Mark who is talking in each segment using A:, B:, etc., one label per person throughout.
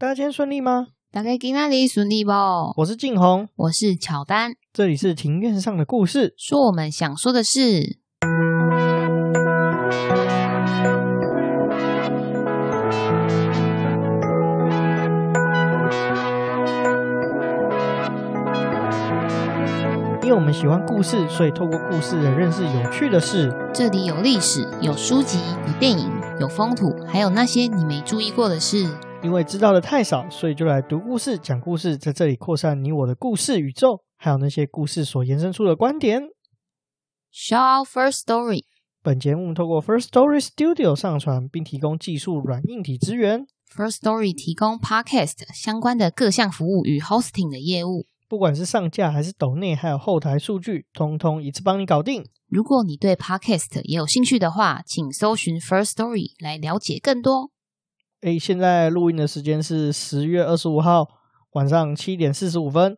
A: 大家今天順利嗎？大家今天裡順利不？我是靜紅，我是喬丹。這裡是庭院上的故事，說我們想說的事。因為我們喜歡故事，所以透過故事來認識有趣的事。這裡有歷史，有書籍，有電影，有風土，還有那些你沒注意過的事。因為知道
B: 的太少，所以就來讀故事、講故事，在這裡擴散你我的故事宇宙，還有那些故事所延伸出的觀點。Shout out First Story。本節目透過 First Story Studio 上傳，並提供技術軟硬體支援。First Story 提供
A: Podcast 相關的各項服務與 Hosting 的業務，不管是上架還是抖內，還有後台數據，通通一次幫你搞定。如果你對 Podcast 也有興趣的話，請搜尋 First Story 來了解更多。誒、欸，現在錄音的時間是
B: 十月二十五號晚上七點四十五分。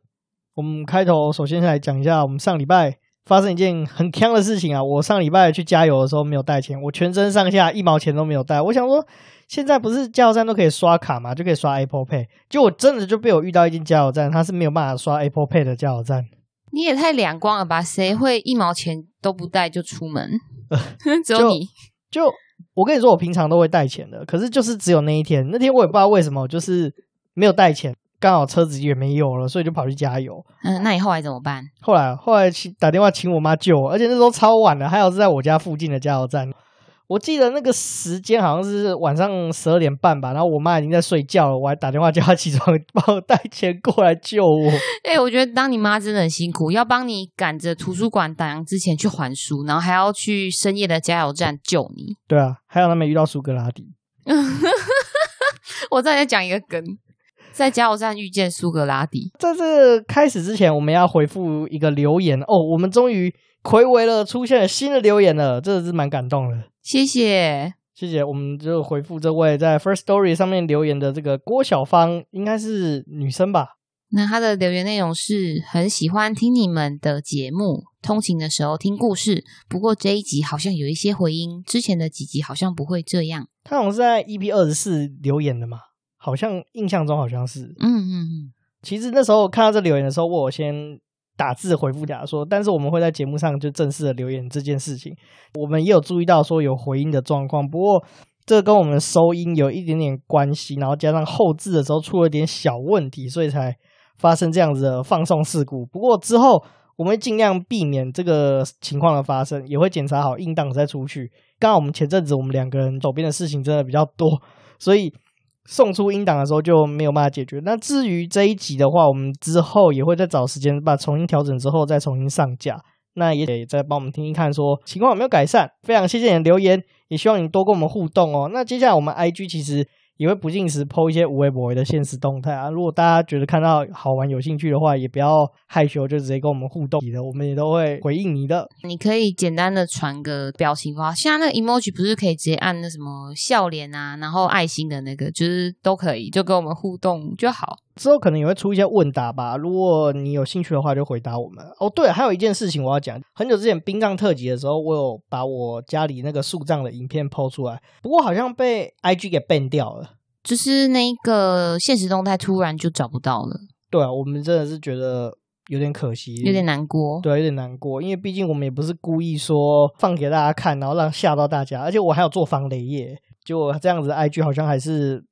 B: 我們開頭首先來講一下，我們上禮拜發生一件很坑的事情啊！我上禮拜去加油的時候沒有帶錢，我全身上下一毛錢都沒有帶。我想說，現在不是加油站都可以刷卡嘛，就可以刷 Apple Pay。就我真的就被我遇到一間加油站，他是沒有辦法刷 Apple Pay 的加油站。
A: 你也太兩光了吧？誰會一毛錢都不帶就出門？ 只有你，
B: 就。就我跟你說，我平常都會帶錢的，可是就是只有那一天，那天我也不知道為什麼，就是沒有帶錢，剛好車子也沒油了，所以就跑去加油。
A: 嗯，那你後來怎麼辦？
B: 後來，後來請打電話請我媽救我，而且那時候超晚了，還好是在我家附近的加油站。我記得那個時間好像是晚上十二點半吧，然後我媽已經在睡覺了，我還打電話叫她起床，幫我帶錢過來救我。
A: 哎、欸，我覺得當你媽真的很辛苦，要幫你趕着圖書館打烊之前去還書，然後還要去深夜的加油站救你。
B: 對啊，還有他們遇到蘇格拉底。
A: 我再再講一個梗，在加油站遇見蘇格拉底。
B: 在這開始之前，我們要回復一個留言哦。我們終於睽違了，出現了新的留言了，真的是蠻感動的。
A: 謝謝，
B: 謝謝，我們就回復這位在 First Story 上面留言的這個郭小
A: 芳，應該是女生吧？那她的留言內容是很喜歡聽你們的節目，通勤的時候聽故事。不過這一集好像有一些回音，之前的幾集好像不會這樣。
B: 他好像是在 EP 二十四留言的嘛，好像印象中好像是。嗯嗯嗯，其實那時候看到這留言的時候，我先。打字回復假的說，但是我們會在節目上就正式的留言這件事情。我們也有注意到說有回音的狀況，不過這跟我們的收音有一點點關係，然後加上後製的時候出了點小問題，所以才發生這樣子的放送事故。不過之後我們會盡量避免這個情況的發生，也會檢查好音檔再出去。剛好我們前陣子我們兩個人手邊的事情真的比較多，所以。送出音檔的時候就沒有辦法解決，那至於這一集的話，我們之後也會再找時間把重新調整之後再重新上架。那也得再幫我們聽聽看，說情況有沒有改善。非常謝謝你的留言，也希望你多跟我們互動哦。那接下來我們 IG 其實，也會不定時 PO 一些無微不為的現實動態啊，如果大家覺得看到好玩有興趣的話，也不要害羞，就直接跟我們互
A: 動的，我們也都會回應你的。你可以簡單的傳個表情包，像那個 emoji 不是可以直接按那什麼笑臉啊，然後愛心的那個，就是都可以，就跟我們互動就好。
B: 之後可能也會出一些問答吧，如果你有興趣的話，就回答我們。哦，對、啊，還有一件事情我要講。很久之前殯葬特輯的時候，我有把我家裡那個樹葬的影片 PO 出來，不過好像被 IG 給 ban 掉了，就是那個限時動態突然就找不
A: 到了。
B: 對啊，我們真的是覺得有點可惜，有點難過，對、啊，有點難過，因為畢竟我們也不是故意說放給大家看，然後讓嚇到大家，而且我還有做防雷業，就這樣子，IG 好像還是，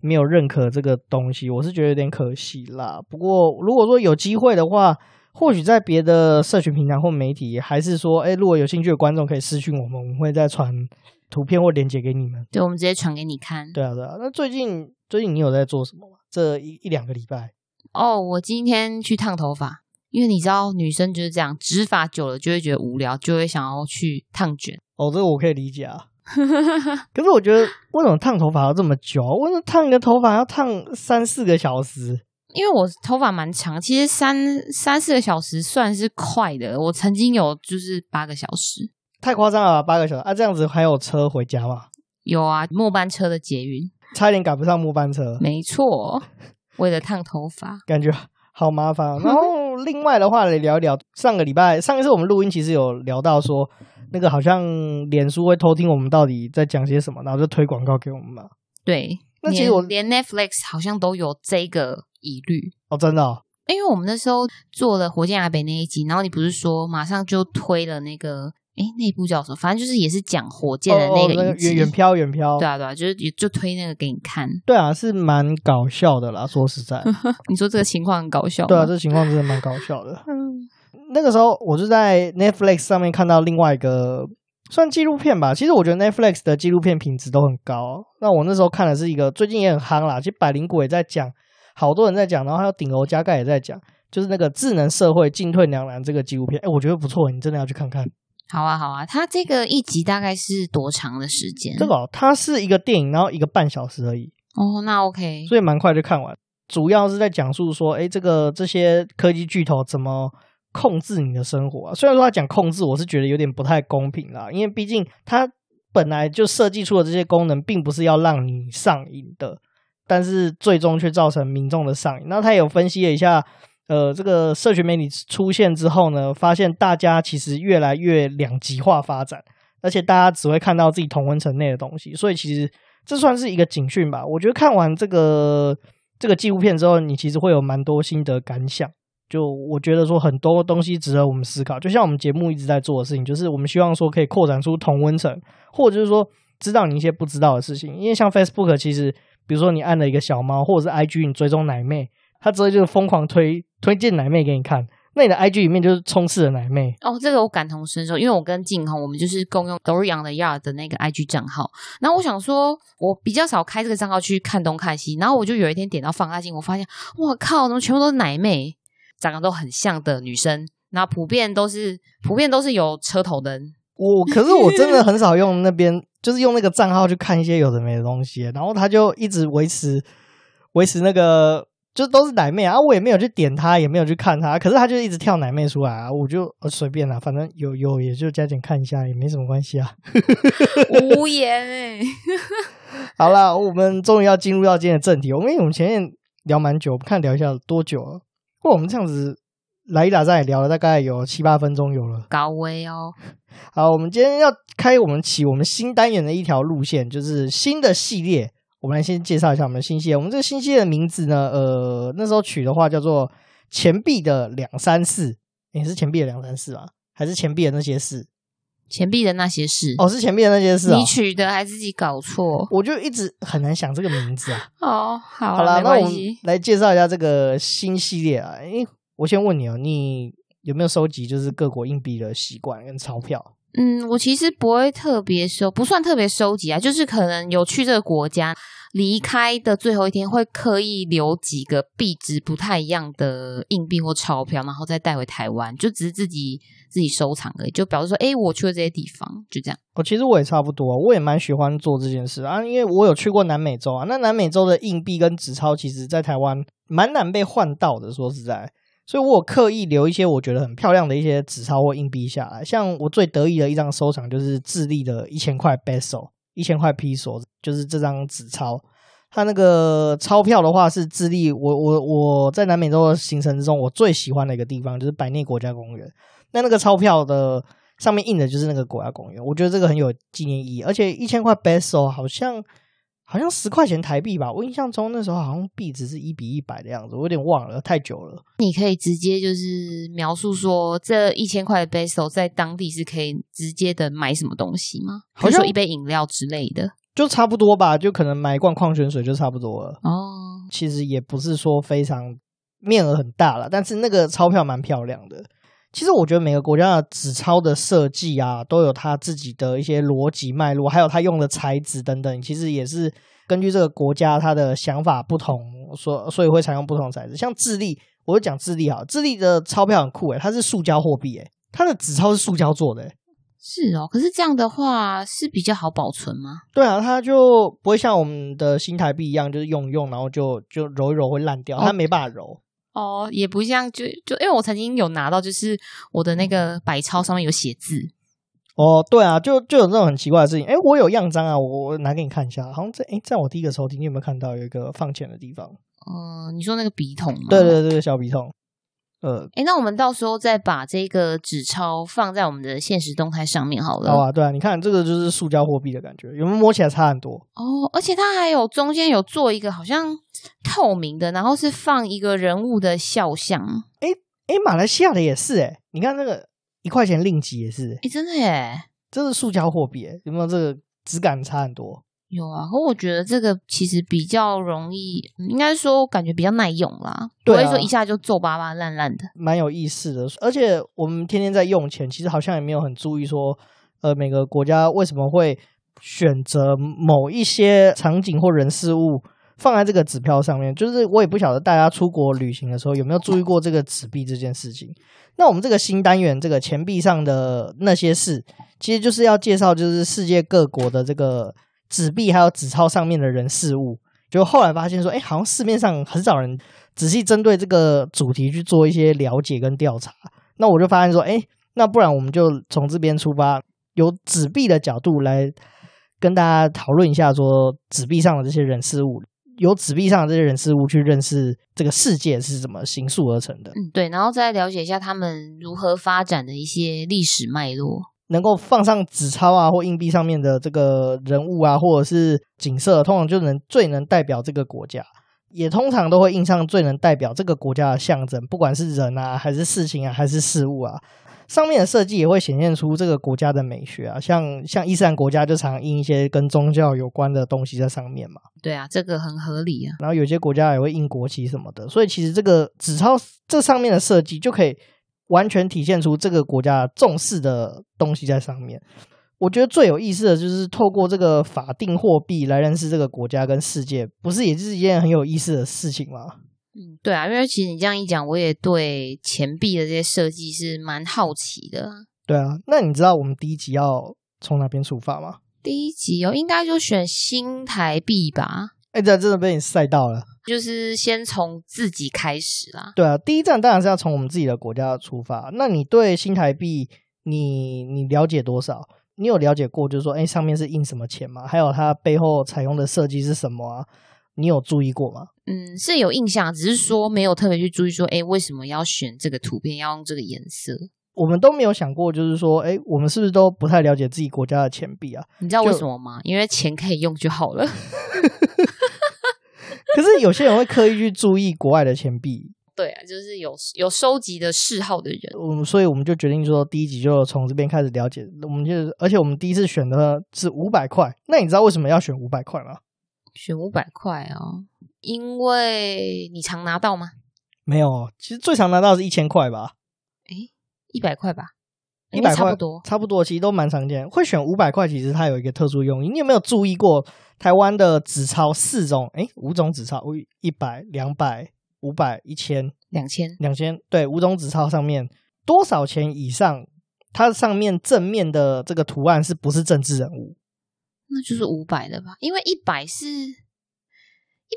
B: 沒有認可這個東西，我是覺得有點可惜啦。不過如果說有機會的話，或許在別的社群平台或媒體，還是說，誒如果有興趣的觀眾可以私訊我們，我們會再傳圖片或連結給你們。
A: 對，我們直接傳給你看。對啊，對啊。那最近
B: 最近你有在做什麼嗎？
A: 這一一兩個禮拜？哦，我今天去燙頭髮，因為你知道女生就是這樣，直髮久了就會覺得無聊，就會想要去燙捲。哦，這個我可以理解啊。
B: 可是我覺得，為什麼燙頭髮要這麼久？為什麼燙你的頭髮要燙三四個小時？
A: 因為我頭髮蠻長，其實三三四個小時算是快的。我曾經有就是八個小時，
B: 太誇張了吧？八個小時啊！這樣子還有車回家嗎？有啊，末班車的捷運，差一點趕不上末班車。沒錯，為了燙頭髮， 感覺好麻煩。然後另外的話來聊一聊，上個禮拜，上一次我們錄音，其實有聊到說。那個好像臉書會偷聽我們到底在講些什麼，然後就推廣告給我們嘛。
A: 對，那其實我連，連 Netflix 好像都有這個疑慮哦，真的、哦。因為我們那時候做了《火箭阿伯》那一集，然後你不是說馬上就推了那個，誒，那部叫什麼，反正就是也是講火箭的那個、哦哦那個、遠飄遠飄。遠飄對啊對啊，就是也就推那個給你看。對啊，是
B: 蠻搞笑的啦。說實在，
A: 你說這個情況很搞笑。對啊，這個、情況真的蠻搞笑的。 嗯。
B: 那個時候我就在 Netflix 上面看到另外一個算紀錄片吧，其實我覺得 Netflix 的紀錄片品質都很高，啊。那我那時候看的是一個最近也很夯啦，其實百靈果也在講，好多人在講，然後還有頂樓加蓋也在講，就是那個智能社會進退兩難這個紀錄片。誒、欸，我覺得不錯，欸，你真的要去看看。好
A: 啊，好啊，好啊，它這個一集大概是多長
B: 的時間？這個、哦、它是一個電影，然後一個半小時而已。
A: 哦，oh, 那 OK，
B: 所以蠻快就看完。主要是在講述說，哎、欸，這個這些科技巨頭怎麼？控制你的生活啊！雖然說他講控制，我是覺得有點不太公平啦。因為畢竟他本來就設計出了這些功能，並不是要讓你上癮的，但是最終卻造成民眾的上癮。那他也有分析了一下，呃，這個社群媒體出現之後呢，發現大家其實越來越兩極化發展，而且大家只會看到自己同溫層內的東西。所以其實這算是一個警訊吧。我覺得看完這個這個紀錄片之後，你其實會有蠻多心得感想。就我覺得說很多東西值得我們思考，就像我們節目一直在做的事情，就是我們希望說可以擴展出同溫層，或者就是說知道你一些不知道的事情。因為像 Facebook，其實比如說你按了一個小貓，或者是 IG 你追蹤奶妹，它直接就是瘋狂推推薦奶妹給你看，那你的 IG 裡面就是充斥著奶妹。
A: 哦，這個我感同身受，因為我跟靖宏，我們就是共用 Story on the Yard 的那個 IG 賬號。然後我想說，我比較少開這個賬號去看東看西，然後我就有一天點到放大鏡，我發現，我靠，怎麼全部都是奶妹？長得都很像的女生，那普遍都是普遍都是有車頭燈。我，可是我真的
B: 很少用那邊， 就是用那個賬號去看一些有的沒的東西。然後他就一直維持維持那個，就都是奶妹啊。我也沒有去點她，也沒有去看她。可是她就一直跳奶妹出來啊。我就隨、呃、便啦，反正有有也就加減看一下，也沒什麼關係啊。
A: 無言誒、
B: 欸、 好了，我們終於要進入到今天的正題。因為我們以前面聊蠻久，我們看聊一下多久了。或我們這樣子來一打再聊了大概有七八分鐘有了，高危哦。好，我們今天要開我們起我們新單元的一條路線，就是新的系列。我們來先介紹一下我們的新系列。我們這個新系列的名字呢，呃，那時候取的話叫做“錢幣的兩三事”，你、欸、是“錢幣的兩三事”啊，還是“錢幣的那些事”？錢幣的那些事。哦，是錢幣的那些事哦？你取
A: 的還是自己搞錯，我就一直很難想這個名字啊。哦，好，好啦，那我們
B: 來介紹一下這個新系列啊。欸，我先問你啊，你有沒有收集就是各國硬幣的習慣跟鈔票？
A: 嗯，我其實不會特別收，不算特別收集啊，就是可能有去這個國家，離開的最後一天會刻意留幾個幣值不太一樣的硬幣或鈔票，然後再帶回台灣，就只是自己自己收藏而已，就表示說，哎、欸，我去了這些地方，就這樣。
B: 我其實我也差不多，我也蠻喜歡做這件事啊，因為我有去過南美洲啊，那南美洲的硬幣跟紙鈔，其實在台灣蠻難被換到的，說實在。所以，我刻意留一些我覺得很漂亮的一些紙鈔或硬幣下來。像我最得意的一張收藏就是智利的一千塊貝索，一千塊皮索，就是這張紙鈔。它那個鈔票的話是智利，我我我在南美洲的行程之中，我最喜歡的一個地方就是百內國家公園。那那個鈔票的上面印的就是那個國家公園，我覺得這個很有紀念意義。而且一千塊貝索好像。好像十塊錢台幣吧，我印象中那時候好像幣值是一比一百的樣子，我有點忘了，太久了。
A: 你可以直接就是描述說這一千塊的貝索在當地是可以直接的買什麼東西嗎？比如說一杯飲料之類的，
B: 就差不多吧，就可能買一罐礦泉水就差不多了。哦，其實也不是說非常面額很大了，但是那個鈔票蠻漂亮的。其實我覺得每個國家的紙鈔的設計啊，都有它自己的一些邏輯脈絡，還有它用的材質等等。其實也是根據這個國家它的想法不同，所所以會採用不同材質。像智利，我講智利哈，智利的鈔票很酷誒，欸，它是塑膠貨幣誒，它的紙鈔是塑膠做的，欸。
A: 是哦，可是這樣的話是比較好保存嗎？
B: 對啊，它就不會像我們的新台幣一樣，就是用用然後就就揉一揉會爛掉，它沒辦法揉。哦。
A: 哦，也不像，就就因為我曾經有拿到，就是我的那個百鈔，上面有寫字。
B: 哦，對啊，就就有這種很奇怪的事情。誒，我有樣張啊，我我拿給你看一下。好像在誒，在我第一個抽屜，你有沒有看到有一個放錢的地方？
A: 嗯、呃，你說那個
B: 筆筒嗎？對對對對，小筆筒。
A: 呃，哎、欸，那我們到時候再把這個紙鈔放在我們的限時動態上面好了。好啊，
B: 對啊，你看這個就是塑膠貨幣的感覺，有沒有摸起來差很多？
A: 哦，而且它還有中間有做一個好像透明的，然後是放一個人物的肖像。哎
B: 哎、欸欸，馬來西亞的也是哎、欸，你看那個一塊錢令吉也是，哎、欸、真的耶，這是塑膠貨幣欸，有沒有這個
A: 質感差很多？有啊，可我覺得這個其實比較容易，應該說感覺比較耐用啦。對啊，所以說一下就皺巴巴、爛爛的，蠻有意思的。而且我
B: 們天天在用錢，其實好像也沒有很注意說，呃，每個國家為什麼會選擇某一些場景或人事物放在這個紙票上面。就是我也不曉得大家出國旅行的時候有沒有注意過這個紙幣這件事情。那我們這個新單元，這個錢幣上的那些事，其實就是要介紹就是世界各國的這個。紙幣還有紙鈔上面的人事物，就後來發現說，哎、欸，好像市面上很少人仔細針對這個主題去做一些了解跟調查。那我就發現說，哎、欸，那不然我們就從這邊出發，由紙幣的角度來跟大家討論一下，說紙幣上的這些人事物，由紙幣上的這些人事物去認識這個世界是怎麼形塑而成的。嗯，
A: 對，然後再了解一下他們如何發展的一些歷史脈絡。
B: 能夠放上紙鈔啊或硬幣上面的這個人物啊或者是景色，通常就能最能代表這個國家，也通常都會印上最能代表這個國家的象徵，不管是人啊還是事情啊還是事物啊，上面的設計也會顯現出這個國家的美學啊。像像伊斯蘭國家就常印一些跟宗教有關的東西在上面嘛。
A: 對啊，這個很合理啊。
B: 然後有些國家也會印國旗什麼的，所以其實這個紙鈔這上面的設計就可以。完全體現出這個國家重視的東西在上面。我覺得最有意思的就是透過這個法定貨幣來認識這個國家跟世界，不是也就是一件很有意思的事情嗎？嗯，
A: 對啊，因為其實你這樣一講，我也對錢幣的這些設計是蠻好奇的。
B: 對啊，那你知道我們第一集要從哪邊出發嗎？
A: 第一集哦，應該就選新台幣吧。
B: 哎，欸、在這真的被你曬到了！
A: 就是先從自己開始啦。
B: 對啊，第一站當然是要從我們自己的國家出發。那你對新台幣，你你了解多少？你有了解過，就是說，哎、欸，上面是印什麼錢嗎？還有它背後採用的設計是什麼、啊？你有注意過嗎？嗯，
A: 是有印象，只是說沒有特別去注意說，說、欸、哎，為什麼要選這個圖片，要用這個顏色？
B: 我們都沒有想過，就是說，哎、欸，我們是不是都不太了解自己國家的錢幣啊？你知道為什麼嗎？就因
A: 為錢可以用就好了。
B: 可是有些人會刻意去注意國外的錢幣，
A: 對啊，就是有有收集的嗜好的人。我
B: 們所以我們就決定說，第一集就從這邊開始了解。我們就而且我們第一次選的是五百塊，那你知道為什麼要選五百塊嗎？選五百塊
A: 哦，因為你常拿到嗎？
B: 沒有，其實最常拿到的是一千塊吧？
A: 誒，一百塊吧。一百塊差不多，差不多
B: 其實都蠻常見。會選五百塊，其實它有一個特殊用意。你有沒有注意過台灣的紙鈔四種？哎、欸，五種紙鈔：一百、兩百、五百、一千、兩千、兩千。對，五種紙鈔上面多少錢以上，它的上面正面的這個圖案是不是政治人物？
A: 那就是五百的吧？因為一百是一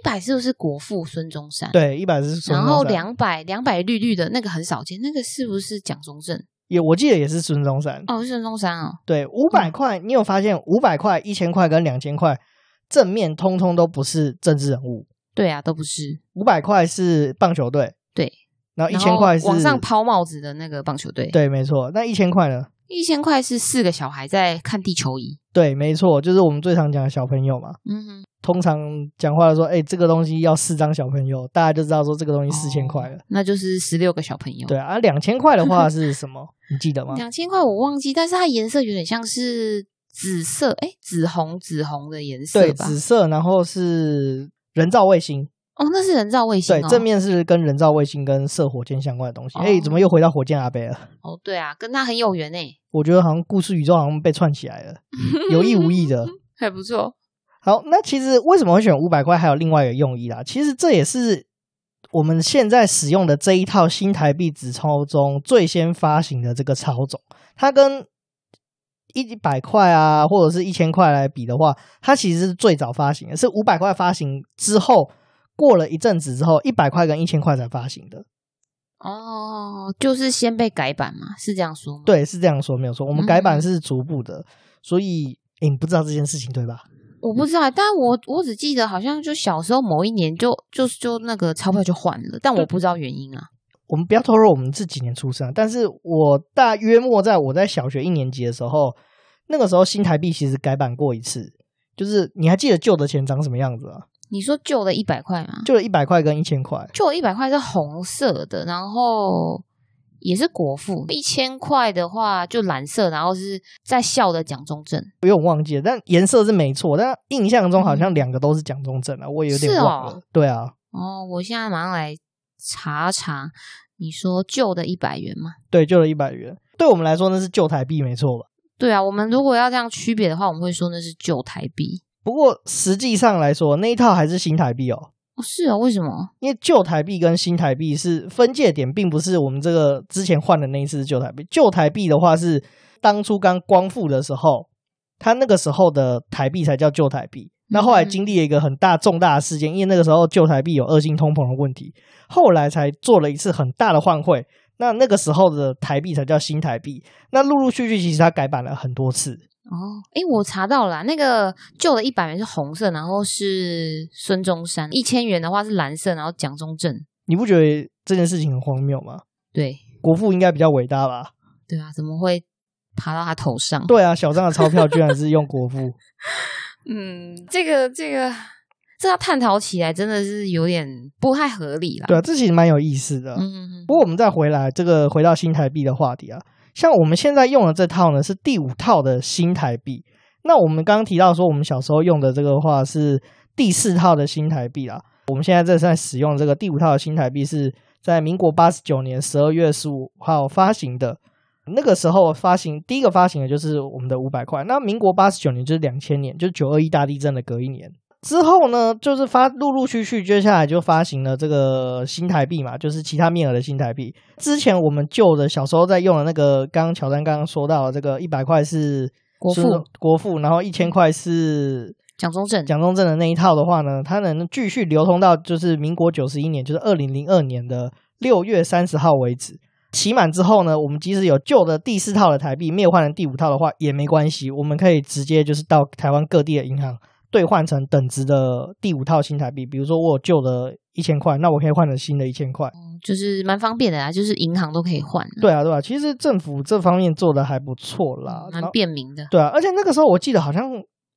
A: 百，一百是不是國父孫中山？
B: 對，一百是孫中山。然後兩
A: 百，兩百綠綠的那個很少見，那個是不是蔣中正？
B: 也我記得也是孫中山哦，
A: 是孫中山哦。對，五百塊，嗯、你有發現五百塊、一千
B: 塊跟兩千塊正面通通都不是政治人物。
A: 對啊，都
B: 不是。五百塊是棒球隊，對。然後一千塊是往上
A: 拋帽子的那個棒
B: 球隊，對，沒錯。那一千塊呢？
A: 一千塊是四個小孩在看地球儀。
B: 對，沒錯，就是我們最常講的小朋友嘛。
A: 嗯
B: 哼，通常講話的時候，哎，這個東西要四張小朋友，大家就知道說這個東西四千塊了、
A: 哦。那就是十六個小朋友。對啊，
B: 兩千塊的話是什麼？ 你記得嗎？兩
A: 千塊我忘記，但是它顏色有點像是紫色，哎、欸，紫紅紫紅的顏色吧，對，紫
B: 色，然後是人造衛星。
A: 哦，oh, 那是人造衛星，喔。對，正面是
B: 跟人造衛星跟射火箭相關的東西。誒、oh. 欸，怎麼又回到火箭阿伯了？哦
A: ，oh, 對啊，跟他很有緣呢，欸。
B: 我覺得好像故事宇宙好像被串起來了， 有意無意的，
A: 還不錯錯。
B: 好，那其實為什麼會選五百塊？還有另外一個用意啦。其實這也是我們現在使用的這一套新台幣紙鈔中最先發行的這個鈔種。它跟一百塊啊，或者是一千塊來比的話，它其實是最早發行的，是五百塊發行之後。過了一陣子之後，一百塊跟一千塊才發行的
A: 哦，就是先被改版嘛，是這樣說嗎？
B: 對，是這樣說，沒有錯。我們改版是逐步的，嗯、所以、欸、你不知道這件事情對吧？
A: 我不知道，但我我只記得好像就小時候某一年就就就那個鈔票就換了，嗯、但我不知道原因啊。
B: 我們不要透露我們這幾年出生，但是我大約莫在我在小學一年級的時候，那個時候新台幣其實改版過一次，就是你還記得舊的錢長什麼樣子啊？
A: 你說舊的一百塊嗎？舊
B: 的一百塊跟一千塊，
A: 舊的一百塊是紅色的，然後也是國父；一千塊的話就藍色，然後是在笑的蔣中正。
B: 不用忘記了，但顏色是沒錯。但印象中好像兩個都是蔣中正啊，嗯、我也有點忘了。是哦、對啊，
A: 哦，我現在馬上來查查。你說舊的一百元嗎？
B: 對，舊的一百元，對我們來說那是舊台幣，沒錯吧？
A: 對啊，我們如果要這樣區別的話，我們會說那是舊台幣。
B: 不過實際上來說，那一套還是新台幣哦。
A: 哦，是啊？為什麼？因
B: 為舊台幣跟新台幣是分界點，並不是我們這個之前換的那一次是舊台幣。舊台幣的話是當初剛光復的時候，它那個時候的台幣才叫舊台幣。那後來經歷了一個很大重大的事件，因為那個時候舊台幣有惡性通膨的問題，後來才做了一次很大的換匯。那那個時候的台幣才叫新台幣。那陸陸續續續，其實它改版了很多次。
A: 哦，哎，我查到了，那個舊的一百元是紅色，然後是孫中山；一千元的話是藍色，然後蔣中正。
B: 你不覺得這件事情很荒謬嗎？對，國父應該比較偉大吧？
A: 對啊，怎麼會爬到他
B: 頭上？對啊，小張的鈔票居然是用國父。
A: 嗯，這個這個，這要探討起來真的是有點不太合理了。對啊，這其實蠻
B: 有意思的。嗯哼哼，不過我們再回來這個回到新台幣的話題啊。像我們現在用的這套呢，是第五套的新台幣。那我們剛剛提到說，我們小時候用的這個話是第四套的新台幣啦。我們現在正在使用這個第五套的新台幣，是在民國八十九年十二月十五號發行的。那個時候發行，第一個發行的就是我們的五百塊。那民國八十九年就是兩千年，就是九二一大地震的隔一年。之後呢，就是發陸陸續續，接下來就發行了這個新台幣嘛，就是其他面額的新台幣。之前，我們舊的小時候在用的那個，剛剛喬丹剛剛說到的這個一百塊是國父國父，然後一千塊是蔣中正。蔣中正的那一套的話呢，它能繼續流通到就是民國九十一年，就是二零零二年的六月三十號為止。期滿之後呢，我們即使有舊的第四套的台幣沒有換成第五套的話也沒關係，我們可以直接就是到台灣各地的銀行。兌換成等值的第五套新台幣。比如說我舊的一千塊，那我可以換成新的一千塊，
A: 就是蠻方便的啊，就是銀行都可以換。
B: 對啊，對啊，其實政府這方面做得還不錯啦，嗯，蠻便民的。對啊，而且那個時候我記得好像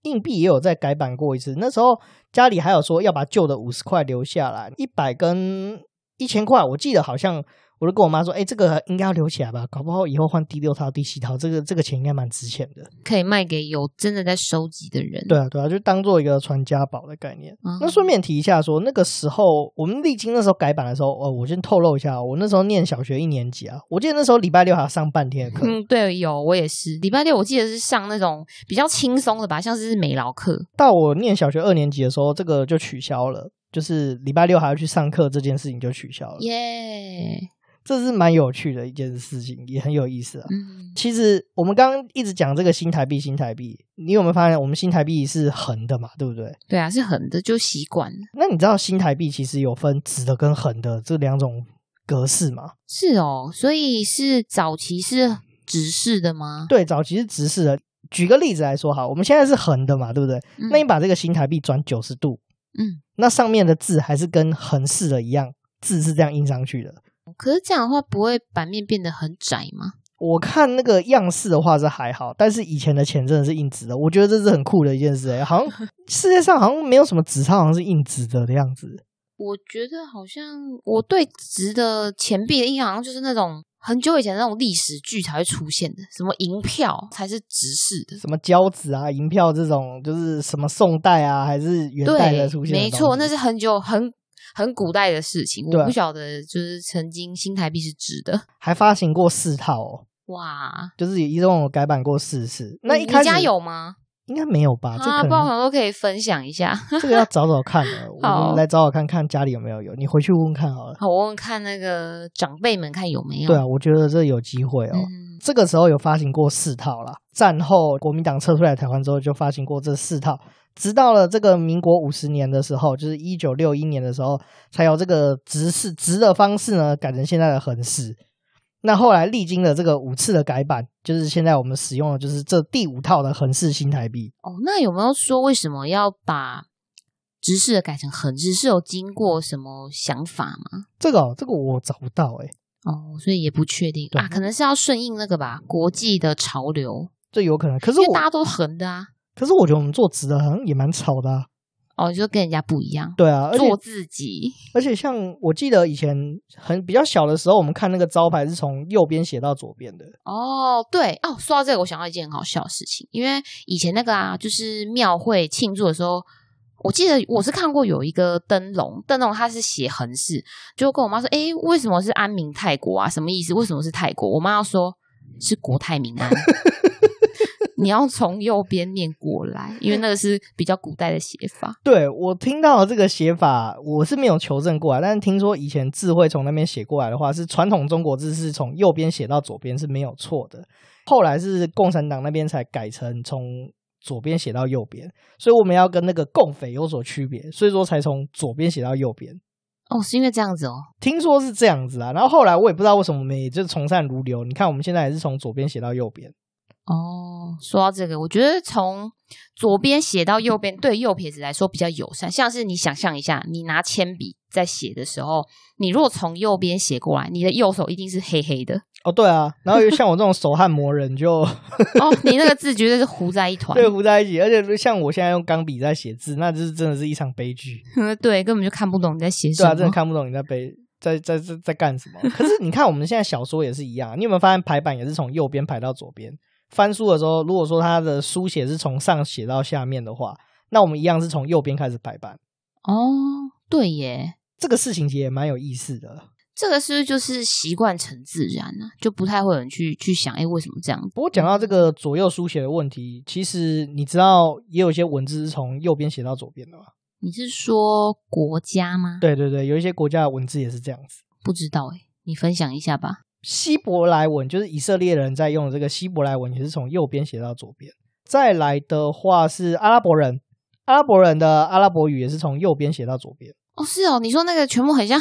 B: 硬幣也有在改版過一次，那時候家裡還有說要把舊的五十塊留下來，一百跟一千塊，我記得好像。我就跟我媽說：“哎、欸，這個應該要留起來吧？搞不好以後換第六套、第七套，這個這個錢應該蠻值錢的，
A: 可以賣給有真的在收集的人。
B: 對啊，對啊，就當做一個傳家寶的概念。哦、那順便提一下說，說那個時候我們歷經那時候改版的時候，哦，我先透露一下，我那時候念小學一年級啊，我記得那時候禮拜六還要上半天的
A: 課。嗯，對，有我也是禮拜六，我記得是上那種比較輕鬆的吧，像是美勞
B: 課。到我念小學二年級的時候，這個就取消了，就是禮拜六還要去上課這件事情就取消了。耶 Yeah！”嗯這是蠻有趣的一件事情，也很有意思啊。嗯，其實我們剛剛一直講這個新台幣，新台幣，你有沒有發現我們新台幣是橫的嘛？對不對？對啊，是橫的就習慣了。那你知道新台幣其實有分直的跟橫的這兩種格式嗎？
A: 是哦，所以是早期是
B: 直式的嗎？對，早期是直式的。舉個例子來說，好，我們現在是橫的嘛，對不對？嗯，那你把這個新台幣轉九十度，嗯，那上面的字還是跟橫式的一樣，字是這樣印上去的。
A: 可是這樣的話，不會版面變得很窄嗎？我
B: 看那個樣式的話是還好，但是以前的錢真的是硬質的，我覺得這是很酷的一件事，欸，誒好像 世界上好像沒有什麼紙鈔，好像是硬質的的樣子。
A: 我覺得好像我對紙的錢幣的印象，好像就是那種很久以前那種歷史劇才會出現的，什麼銀票才是紙製的，
B: 什麼交子啊、銀票這種，就是什麼宋代啊，還是元代的出現的。對，沒錯，
A: 那是很久很。很古代的事情，啊、我不曉得，就是曾經新台幣是值的，
B: 還發行過四套哦，
A: 哇，
B: 就是一共改版過四次。那一開始你家
A: 有嗎？
B: 應該沒有吧？啊，不
A: 然我都可以分享一下。
B: 這個要找找看的， 好我們來找找看看家裡有沒有有，你回去問看好
A: 了。好，我問看那個長輩們看有沒有。對啊，
B: 我覺得這有機會哦。嗯、這個時候有發行過四套啦。戰後國民黨撤退來台灣之後就發行過這四套。直到了這個民國五十年的時候，就是一九六一年的時候，才有這個直式直的方式呢，改成現在的橫式。那後來歷經了這個五次的改版，就是現在我們使用的就是這第五套的橫式新台幣。
A: 哦，那有沒有說為什麼要把直式的改成橫式？是有經過什麼想法嗎？這個，哦，這個我找不到哎、欸。哦，所以也不確定對啊，可能是要順應那個吧，國際的潮流。這有可能，可是我大家都橫的啊。可是我覺得我們做直的好像也蠻醜的、啊、哦，就跟人家不一樣。對啊，做自己。而且像
B: 我記得以前很比較小的時候，我們看那個招牌是從右邊寫到左邊的。
A: 哦，對哦，說到這個，我想到一件很好笑的事情，因為以前那個啊，就是廟會慶祝的時候，我記得我是看過有一個燈籠，燈籠它是寫橫式，就跟我媽說：“哎，為什麼是安民泰國啊？什麼意思？為什麼是泰國？”我媽要說：“是國泰民安。” 你要從右邊念過來，因為那個是比較古代的寫法。
B: 對我聽到這個寫法，我是沒有求證過來，但是聽說以前字會從那邊寫過來的話，是傳統中國字是從右邊寫到左邊是沒有錯的。後來是共產黨那邊才改成從左邊寫到右邊，所以我們要跟那個共匪有所區別，所以說才從左邊寫到右邊。
A: 哦，是因為這樣子哦？
B: 聽說是這樣子啊。然後後來我也不知道為什麼，我們也就從善如流。你看，我們現在還是從左邊寫到右邊。
A: 哦，說到這個，我覺得從左邊寫到右邊，對右撇子來說比較友善。像是你想象一下，你拿鉛筆在寫的時候，你如果從右邊寫過來，你的右手一定是黑黑的。哦，對啊。
B: 然後又像我這種手汗磨人就…… 哦，
A: 你那個字絕對是糊在一團， 對，
B: 糊在一起。而且像我現在用鋼筆在寫字，那就是真的是一場悲劇。
A: 對，根本就看不懂你在寫什麼，對啊，真的看
B: 不懂你在悲，在在在在幹什麼。可是你看我們現在小說也是一樣，你有沒有發現排版也是從右邊排到左邊？翻書的時候，如果說它的書寫是從上寫到下面的話，那我們一樣是從右邊開始排版。
A: 哦，
B: 對耶，這個事情其實也蠻有意思的。
A: 這個是不是就是習慣成自然呢，就不太會有人去去想，哎，為什麼這樣子？不
B: 過講到這個左右書寫的問題，其實你知道也有一些文字是從右邊寫到左邊的嗎？
A: 你是說國家嗎？
B: 對對對，有一些國家的
A: 文字也是這樣子。不知道哎，你分享一下吧。
B: 希伯來文就是以色列人在用的這個希伯來文，也是從右邊寫到左邊。再來的話是阿拉伯人，阿拉伯人的阿拉伯語也是從右邊寫到左邊。
A: 哦，是哦，你說那個全部很像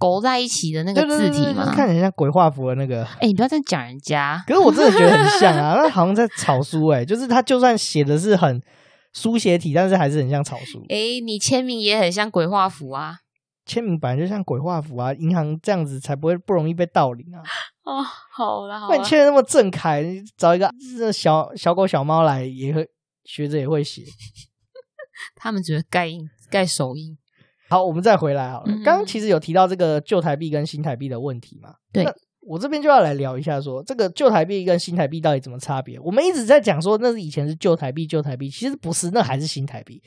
A: 勾在一起的那個字體嗎？對對對，看起來
B: 像鬼畫符的那個。
A: 哎，你不要這樣講人家。可是我真的覺得很
B: 像啊，那 好像在草書哎、欸，就是他就算寫的是很書寫體，但是還是很像草書。
A: 哎，你簽名也很像鬼畫符啊。
B: 簽名版就像鬼畫符啊，銀行這樣子才不會不容易被盜領啊。哦，
A: 好啦，那你簽的那麼
B: 正楷，找一個，個小小狗小貓來也會學着也會寫。他們只會蓋印、蓋手印。好，我們再回來好了。剛剛、嗯嗯、其實有提到這個舊台幣跟新台幣的問題嘛？對，那我這邊就要來聊一下說，說這個舊台幣跟新台幣到底怎麼差別？我們一直在講說那是以前是舊台幣，舊台幣其實不是，那還是新台幣。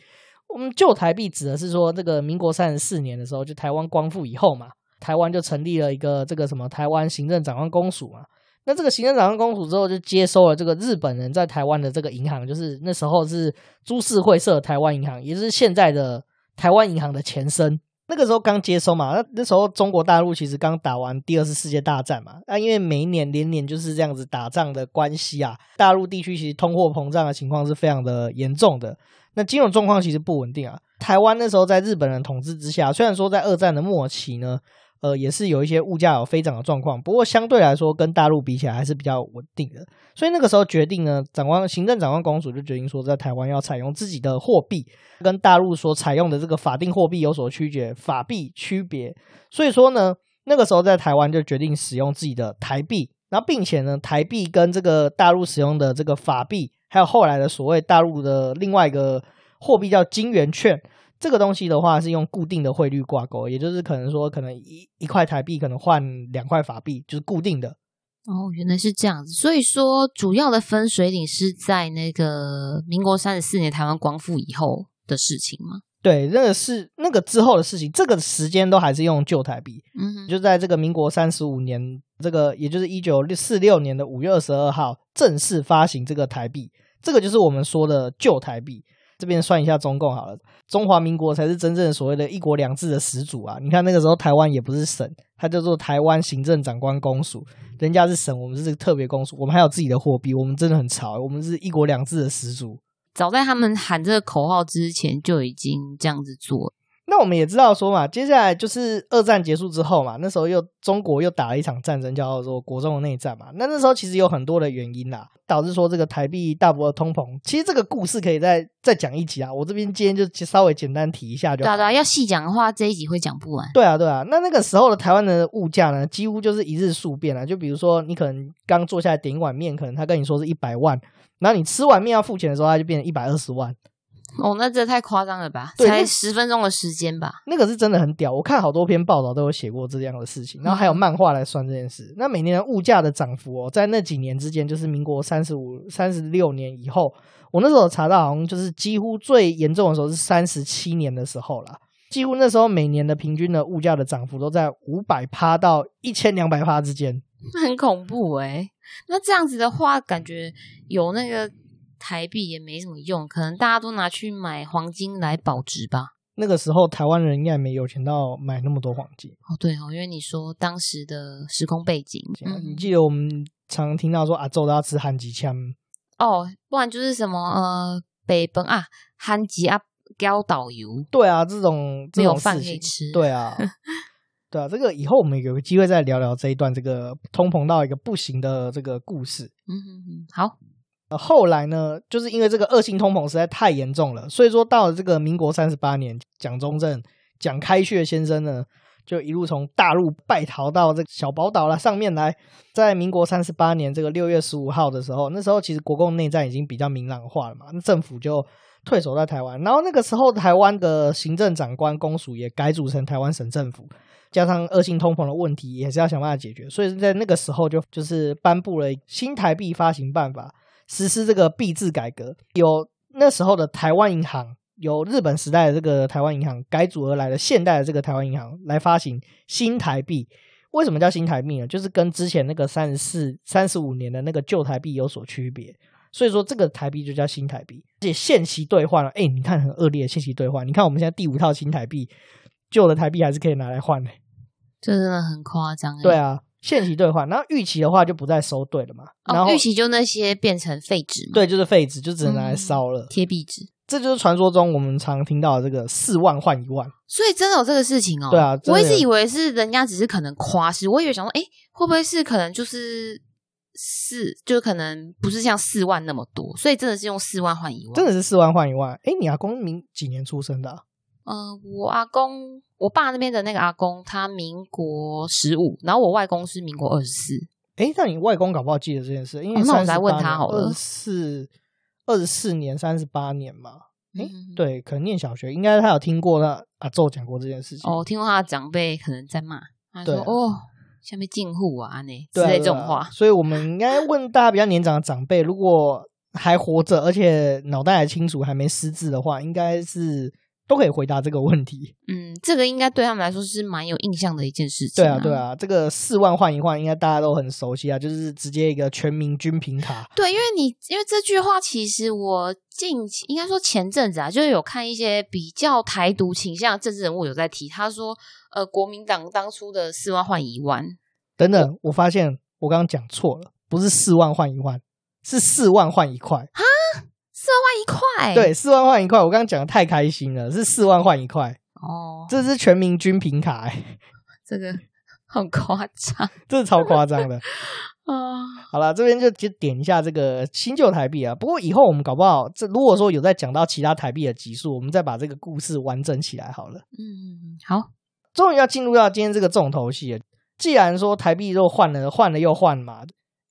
B: 我們舊台幣指的是說，這個民國三十四年的時候，就台灣光復以後嘛，台灣就成立了一個這個什麼台灣行政長官公署嘛。那這個行政長官公署之後就接收了這個日本人在台灣的這個銀行，就是那時候是株式會社台灣銀行，也就是現在的台灣銀行的前身。那個時候剛接收嘛，那那時候中國大陸其實剛打完第二次世界大戰嘛，那、啊、因為每一年連年就是這樣子打仗的關係啊，大陸地區其實通貨膨脹的情況是非常的嚴重的。那金融狀況其實不穩定啊。台灣那時候在日本人統治之下，雖然說在二戰的末期呢，呃，也是有一些物價有飛漲的狀況，不過相對來說跟大陸比起來還是比較穩定的。所以那個時候決定呢，長官行政長官公署就決定說，在台灣要採用自己的貨幣，跟大陸所採用的這個法定貨幣有所區別，法幣區別。所以說呢，那個時候在台灣就決定使用自己的台幣，然後並且呢，台幣跟這個大陸使用的這個法幣。還有後來的所謂大陸的另外一個貨幣叫金圓券，這個東西的話是用固定的匯率掛鈎，也就是可能說可能一一塊台幣可能換兩塊法幣，就是固定的。
A: 哦，原來是這樣子。所以說主要的分水嶺是在那個民國三十四年台灣光復以後的事情嗎？
B: 對，那個是那個之後的事情，這個時間都還是用舊台幣。嗯哼，就在這個民國三十五年，這個也就是一九四六年的五月二十二號正式發行這個台幣。這個就是我們說的舊台幣，這邊算一下中共好了。中華民國才是真正所謂的一國兩制的始祖啊！你看那個時候台灣也不是省，它叫做台灣行政長官公署，人家是省，我們是特別公署，我們
A: 還有自己的貨幣，我們真的很潮，我們是一國兩制的始祖。早在他們喊這個口號之前，就已經這樣子做了。
B: 我們也知道說嘛，接下來就是二戰結束之後嘛，那時候又中國又打了一場戰爭，叫做國中的內戰嘛。那那時候其實有很多的原因啦，導致說這個台幣大波的通膨。其實這個故事可以再再講一集啊，我這邊今天就稍微簡單提一下就好。對
A: 啊，對啊，要細講的話，這一集會講不完。
B: 對啊，對啊，那那個時候的台灣的物價呢，幾乎就是一日數變啊。就比如說，你可能剛坐下來點一碗麵，可能他跟你說是一百萬，然後你吃完麵要付錢的時候，他就變成一百二十萬。
A: 哦，那這太誇張了吧？才十分鐘的時間吧那？
B: 那個是真的很屌。我看好多篇報道都有寫過這樣的事情，然後還有漫畫來算這件事。嗯、那每年的物價的漲幅哦、喔，在那幾年之間，就是民國三十五、三十六年以後，我那時候查到好像就是幾乎最嚴重的時候是三十七年的時候了。幾乎那時候每年的平均的物價的漲幅都在五百趴到一千兩百趴之間，
A: 很恐怖誒、欸，那這樣子的話，感覺有那個。台幣也沒什麼用，可能大家都拿去買黃金來
B: 保值吧。那個時候台灣人應該沒有錢到買那麼多黃金。哦，對哦，
A: 因為你說當時的
B: 時空背景，啊嗯、你記得我們常聽到說啊，做都要吃漢吉槍
A: 哦，不然就是什麼呃，北奔啊，韓吉啊，交導遊。對啊，這種，這種沒有飯可以吃。
B: 對啊， 對啊，這個以後我們有個機會再聊聊這一段這個通膨到一個不行的這個故事。嗯，好。後來呢，就是因為這個惡性通膨實在太嚴重了，所以說到了這個民國三十八年，蔣中正、蔣開穴先生呢，就一路從大陸敗逃到這個小寶島了上面來。在民國三十八年這個六月十五號的時候，那時候其實國共內戰已經比較明朗化了嘛，那政府就退守在台灣，然後那個時候台灣的行政長官公署也改組成台灣省政府，加上惡性通膨的問題也是要想辦法解決，所以在那個時候就就是頒布了新台幣發行辦法。實施這個幣制改革，由那時候的台灣銀行，由日本時代的這個台灣銀行改組而來的現代的這個台灣銀行來發行新台幣。為什麼叫新台幣呢？就是跟之前那個三十四、三十五年的那個舊台幣有所區別，所以說這個台幣就叫新台幣，而且限期兌換了、啊。哎，你看很惡劣的限期兌換，你看我們現在第五套新台幣，舊的台幣還是可以拿來換的、欸，
A: 這真的很誇張、欸。對啊。
B: 限期兌換，然後逾期的話就不再收兌了嘛。然後逾、哦、
A: 期就那些變成廢紙。對，就是廢紙，就只能拿來燒了。貼、嗯、壁紙。
B: 這就是傳說中我們常聽到的這個四萬換一萬，
A: 所以真的有這個事情哦。對啊，我一直以為是人家只是可能誇飾，我以為想說，哎、欸，會不會是可能就是四，就可能不是像四萬那麼多，所以真的是用四萬換一萬，真
B: 的是四萬換一萬。哎、欸，你阿公民幾年出生的、啊？
A: 嗯、呃，我阿公、我爸那邊的那個阿公，他民國十五，然後我外公是民國二十
B: 四。哎，那你外公搞不好記得這件事，因為三十八，二十四，二十四年三十八年嘛。誒嗯嗯對，可能念小學，應該他有聽過他啊，祖講過這件事情。哦，
A: 聽過他的長輩可能在罵，他說：“對啊、哦，下面進戶啊，那之類這種話。”
B: 所以我們應該問大家比較年長的長輩， 如果還活着，而且腦袋還清楚，還沒失智的話，應該是。都可以回答這個問題。
A: 嗯，這個應該對他們來說是蠻有印象的一
B: 件事情啊。對啊，對啊，這個四萬換一換，應該大家都很熟悉啊，就是直接一個全民均平卡。
A: 對，因為你因為這句話，其實我近期應該說前陣子啊，就是有看一些比較台獨傾向的政治人物有在提，他說呃，國民黨當初的四萬換一萬
B: 等等，對我發現我剛剛講錯了，不是四萬換一換，是四萬換一塊。
A: 哈四萬一塊，對，四
B: 萬換一塊。我剛剛講得太開心了，是四萬換一塊。哦，這是全民均平卡、欸，
A: 這個很誇張，
B: 這是超誇張的啊！哦、好了，這邊就就點一下這個新舊台幣啊。不過以後我們搞不好，這如果說有再講到其他台幣的級數，我們再把這個故事完整起來好了。嗯，好，終於要進入到今天這個重頭戲了。既然說台幣又換了，換了又換嘛。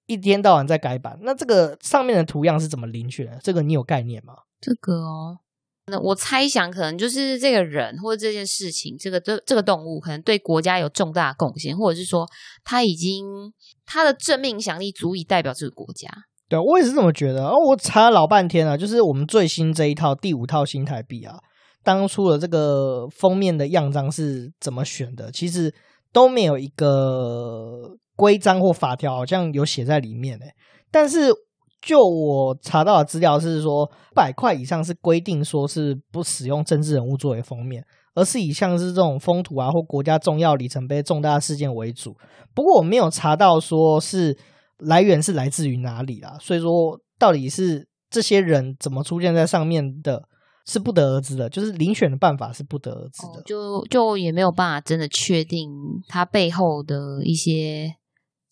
B: 一天到晚在改版，那這個上面的圖樣是怎麼領取的？這個你有概念嗎？
A: 這個哦，那我猜想可能就是這個人或者這件事情，這個這這個動物可能對國家有重大貢獻，或者是說它已經它的正面影響力足以代表這個國家。
B: 對，我也是這麼覺得。哦，我查了老半天了啊，就是我們最新這一套第五套新台幣啊，當初的這個封面的樣張是怎麼選的？其實都沒有一個。規章或法條好像有寫在裡面、欸、但是就我查到的資料是說，百塊以上是規定說是不使用政治人物作為封面，而是以像是這種風土啊或國家重要里程碑、重大事件為主。不過我沒有查到說是來源是來自於哪裡啊，所以說到底是這些人怎麼出現在上面的，是不得而知的。就是遴選的辦法是不得而知的，
A: 哦、就就也沒有辦法真的確定他背後的一些。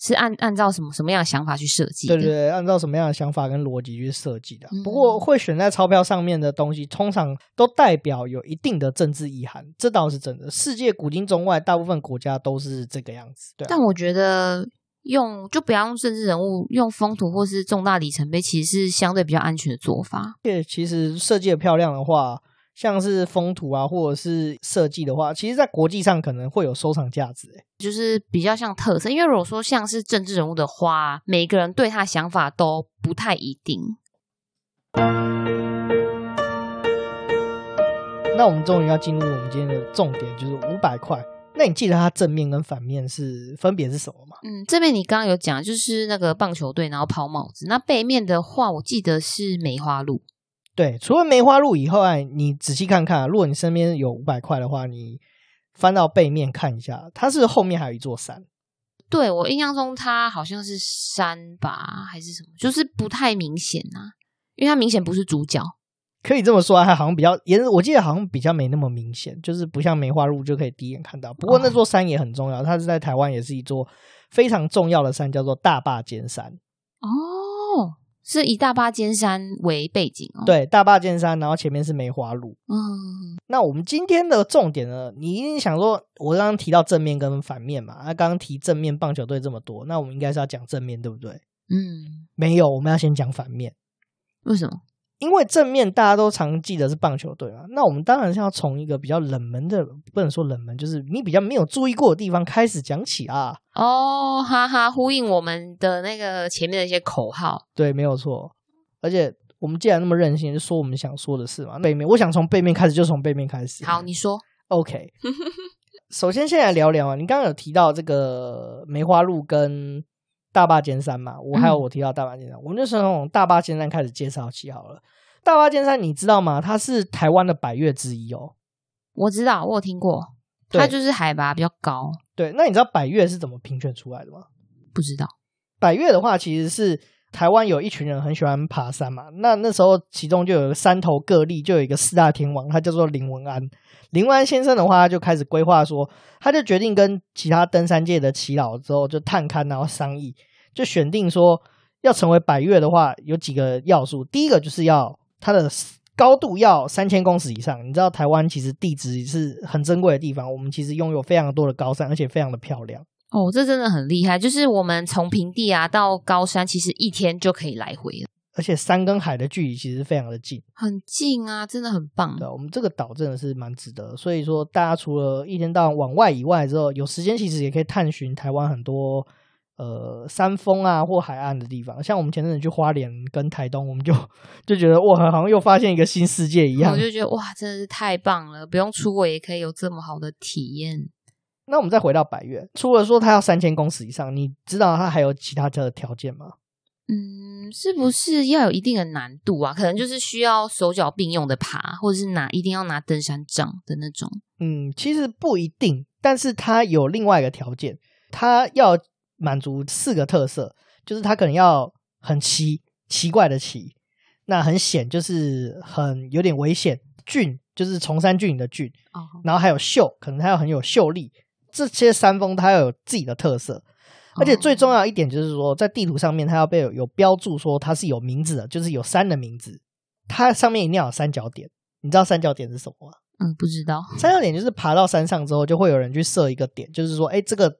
A: 是按按照什麼什麼樣的想法去設計？對對對，
B: 按照什麼樣的想法跟邏輯去設計的。
A: 不過，會選在鈔票上面的東西，通常
B: 都代表有一定的政治意涵，這倒是真的。世界古今中外，大部分國家都是這個樣子。對、啊，但我
A: 覺得用就不要用政治人物，用風土或是重大里程碑，其實是相對比較安全的做法。對，其實設計的漂亮的話。
B: 像是風土啊，或者是設計的話，其實在國際上可能會有收藏價值，
A: 就是比較像特色。因為如果說像是政治人物的話，每個人對他想法都不太一定。
B: 那我們終於要進入我們今天的重點，就是五百塊。那你記得它正面跟反面是
A: 分別是什麼嗎？嗯，正面你剛剛有講，就是那個棒球隊，然後拋帽子。那背面的話，我記得是梅花鹿。
B: 對，除了梅花鹿以外，哎，你仔細看看，如果你身邊有五百塊的話，你翻到背面看一下，它是
A: 後面還有一座山。對，我印象中，它好像是山吧，還是什麼？就是不太明顯啊，因為它明顯不是主角。可以這麼說，它好像比較，
B: 也是我記得好像比較沒那麼明顯，就是不像梅花鹿就可以第一眼看到。不過那座山也很重要，它是在台灣也是一座非常重要的山，叫做大霸尖山。
A: 哦。是以大霸尖山為背景哦，對，
B: 大霸尖山，然後前面是梅花鹿。嗯，那我們今天的重點呢？你一定想說，我剛剛提到正面跟反面嘛，那、啊、剛剛提正面棒球隊這麼多，那我們應該是要講正面對不對？
A: 嗯，
B: 沒有，我們要先講反面，
A: 為什麼？
B: 因為正面大家都常記得是棒球隊嘛、啊，那我們當然是要從一個比較冷門的，不能說冷門，就是你比較沒有注意過的地方開始講起啦、
A: 啊。哦，oh, 哈哈，呼應我們的那個前面的一些口號。
B: 對，沒有錯。而且我們既然那麼任性，就說我們想說的事嘛。背面，我想從背面開始，就從背面開始。好，你說。OK。 首先，先來聊聊啊，你剛剛有提到這個梅花鹿跟。大霸尖山嘛，我還有我提到大霸尖山，嗯、我們就是從大霸尖山開始介紹起好了。大霸尖山你知道嗎？它是台灣的百岳之一哦、喔。我知道，我有聽過。對它就是海拔比較高。對，那你知道百岳是怎麼評選出來的嗎？不知道。百岳的話，其實是。台灣有一群人很喜歡爬山嘛，那那時候其中就有山頭各立，就有一個四大天王，他叫做林文安。林文安先生的話，他就開始規劃說，他就決定跟其他登山界的耆老之後就探勘，然後商議，就選定說要成為百岳的話，有幾個要素。第一個就是要它的高度要三千公尺以上。你知道台灣其實地質是很珍貴的地方，我們其實擁有非常多的高山，而且非常的漂亮。
A: 哦，這真的很厲害！就是我們從平地啊到高山，其實一天就可以來回了。
B: 而且山跟海的距離其實非常的近，
A: 很近啊，真的很棒。對，
B: 我們這個島真的是蠻值得。所以說，大家除了一天到晚往外以外之後，有時間其實也可以探尋台灣很多呃山峰啊或海岸的地方。像我們前陣子去花蓮跟台東，我們就就覺得哇，好像又發現一個新世界一樣。我就覺得哇，
A: 真的是太棒了，不用出國也可以有這麼好的體驗。那我們再回到百岳，
B: 除了說它要三千公尺以上，你知道它還有其他的條件嗎？嗯，
A: 是不是要有一定的難度啊？可能就是需要手腳並用的爬，或者是拿一定要拿登山杖的那種。
B: 嗯，其實不一定，但是它有另外一個條件，它要滿足四個特色，就是它可能要很奇，奇怪的奇，那很險就是很有點危險，峻就是崇山峻嶺的峻，哦、然後還有秀，可能它要很有秀麗。這些山峰它要有自己的特色，而且最重要一點就是說，在地圖上面它要被有、有標注，說它是有名字的，就是有山的名字。它上面一定要有三角點，你知道三角點是什麼嗎？
A: 嗯，不知道。
B: 三角點就是爬到山上之後，就會有人去設一個點，就是說，哎、欸，這個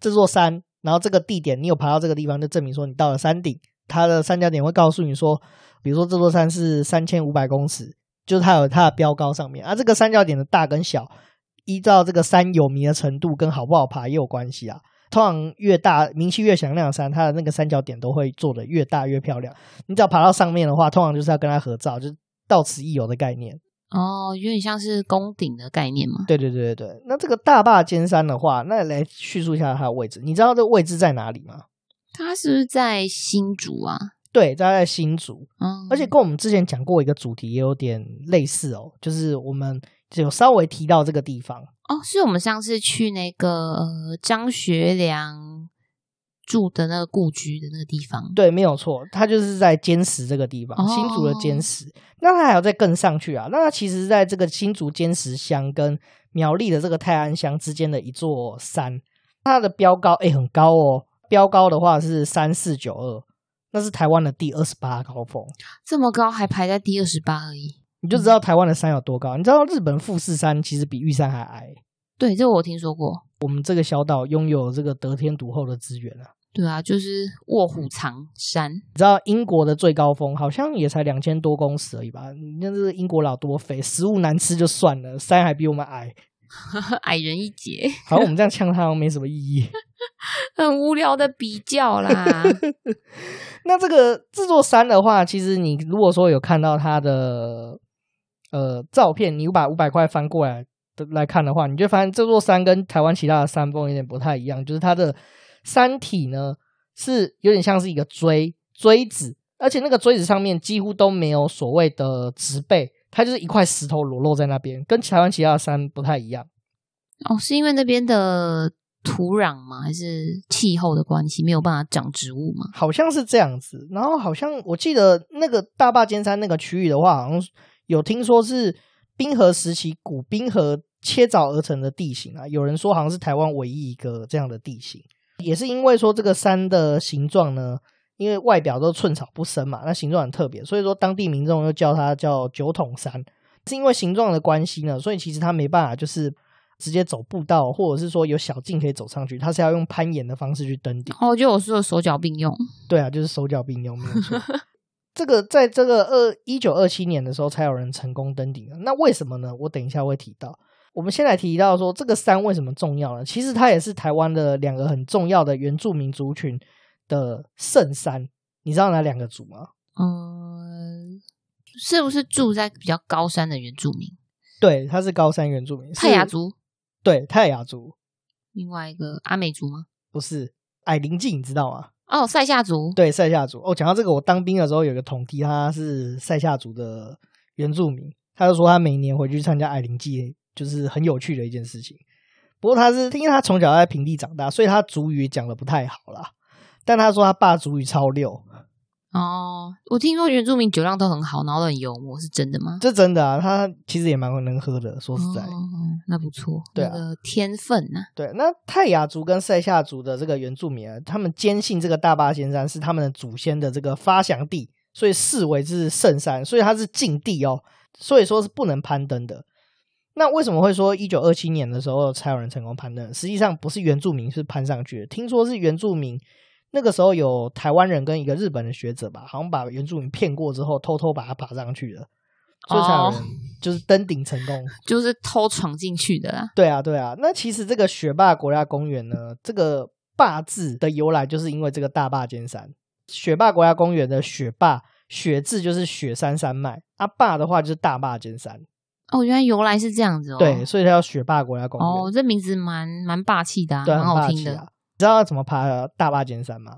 B: 這座山，然後這個地點，你有爬到這個地方，就證明說你到了山頂。它的三角點會告訴你說，比如說這座山是三千五百公尺，就是它有它的標高上面。啊，這個三角點的大跟小。依照這個山有名的程度跟好不好爬也有關係啊。通常越大名氣越響亮的山，它的那個三角點都會做得越大越漂亮。你只要爬到上面的話，通常就是要跟它合照，就是到此一遊的概念。
A: 哦，有點像是攻頂的概念嗎？對對對對對。
B: 那這個大霸尖山的話，那來敘述一下它的位置。你知道這位置在哪裡嗎？
A: 它是不是在新竹啊？
B: 對，它在新竹。嗯，而且跟我們之前講過一個主題也有點類似哦，就是我們。就稍微提到這個地方
A: 哦，是我們上次去那個張學良住的那個故居的那個地方，對，沒有錯，他
B: 就是在尖石這個地方，哦、新竹的尖石。那他還有再更上去啊？那他其實是在這個新竹尖石鄉跟苗栗的這個泰安鄉之間的一座山，它的標高哎、欸、很高哦，標高的話是三四九二，那是台灣的第二十八高峰，
A: 這麼高還排在第二十八而已。
B: 你就知道台灣的山有多高。你知道日本富士山其實比玉山還矮？
A: 對，這個我聽說過。
B: 我們這個小島擁有這個得天獨厚的資源啊！
A: 對啊，就是臥虎藏山。
B: 你知道英國的最高峰好像也才兩千多公尺而已吧？你那是英國佬多肥，食物難吃就算了，山還比我們矮，
A: 矮人一截。 好像我
B: 們這樣嗆他沒什麼
A: 意義， 很無聊的比較啦。 那這個
B: 這座山的話，其實你如果說有看到它的。呃，照片，你把五百塊翻過來的來看的話，你就發現這座山跟台灣其他的山峰有點不太一樣，就是它的山體呢是有點像是一個錐錐子，而且那個錐子上面幾乎都沒有所謂的植被，它就是一塊石頭裸露在那邊，跟台灣其他的山不太一樣。
A: 哦，是因為那邊的土壤嗎？還是氣候的關係沒有辦法長植物嗎？好像是這樣子。
B: 然後好像我記得那個大霸尖山那個區域的話，好像。有聽說是冰河時期古冰河切鑿而成的地形啊，有人說好像是台灣唯一一個這樣的地形，也是因為說，這個山的形狀呢，因為外表都寸草不生嘛，那形狀很特別，所以說當地民眾又叫它叫酒桶山，是因為形狀的關係呢，所以其實它沒辦法就是直接走步道，或者是說有小徑可以走上去，它是要用攀岩的方式去登頂。
A: 哦，就我說的手腳並用。
B: 對啊，就是手腳並用，沒有錯。 這個在這個二一九二七年的時候，才有人成功登頂。那為什麼呢？我等一下會提到。我們先來提到說，這個山為什麼重要呢？其實它也是台灣的兩個很重要的原住民族群的聖山。你知道哪兩個
A: 族嗎？嗯、呃，是不是住在比較高山的原住民？對，它是高山原住民。泰雅族？對，泰雅族。另外一個阿美族嗎？
B: 不是，矮靈祭，你知道嗎？哦，賽夏、oh, 族，對，賽夏族哦，講到這個，我當兵的時候有個同梯，他是賽夏族的原住民，他就說他每年回去，去參加矮靈祭，就是很有趣的一件事情。不過他是因為他從小在平地長大，所以他族語講的不太好啦，但他說他爸族語超溜。
A: 哦，我聽說原住民酒量都很好，然後很幽默，是真的嗎？這真的啊，他其實也蠻能喝的。說實在，哦哦、那不錯、嗯。對啊，那個天分吶、啊。對，那泰雅族
B: 跟賽夏族的這個原住民、啊，他們堅信這個大霸尖山是他們的祖先的這個發祥地，所以視為是聖山，所以它是禁地哦，所以說是不能攀登的。那為什麼會說一九二七年的時候才有人成功攀登？實際上不是原住民是攀上去的，聽說是原住民。那個時候有台灣人跟一個日本的學者吧，好像把原住民騙過之後，偷偷把他爬上去了，就才、哦、就是登頂
A: 成功，
B: 就是偷闖進去的、啊。啦。對啊，對啊。那其實這個雪霸國家公園呢，這個“霸”字的由來，就是因為這個大霸尖山。雪霸國家公園的“雪霸”雪字就是雪山山脈，啊霸的話就是大霸尖山。
A: 哦，原來由來是這樣子哦。對，
B: 所以它叫雪霸國家公園。
A: 哦，這名字蠻蠻霸氣的，啊，對啊，蠻好聽的。
B: 你知道要怎麼爬大霸尖山嗎？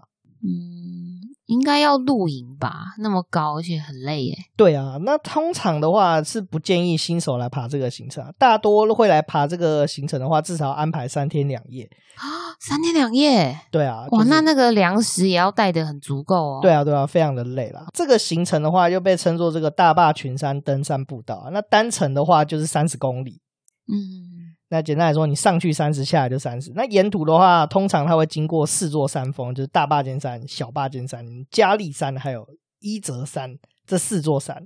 B: 嗯，
A: 應該要露營
B: 吧？那麼高，而且很累耶。對啊，那通常的話是不建議新手來爬這個行程啊。大多會來爬這個行程的話，至少安排三天兩夜啊。三天兩夜？對啊。就是，哇，那那個糧食也要帶得很足夠哦。對啊。對啊，對啊，非常的累啦。這個行程的話，又被稱作這個大霸群山登山步道。那單程的話就是三十公里。嗯。那簡單來說，你上去三十，下來就三十。那沿途的話，通常它會經過四座山峰，就是大霸尖山、小霸尖山、加利山還有伊澤山這四
A: 座山。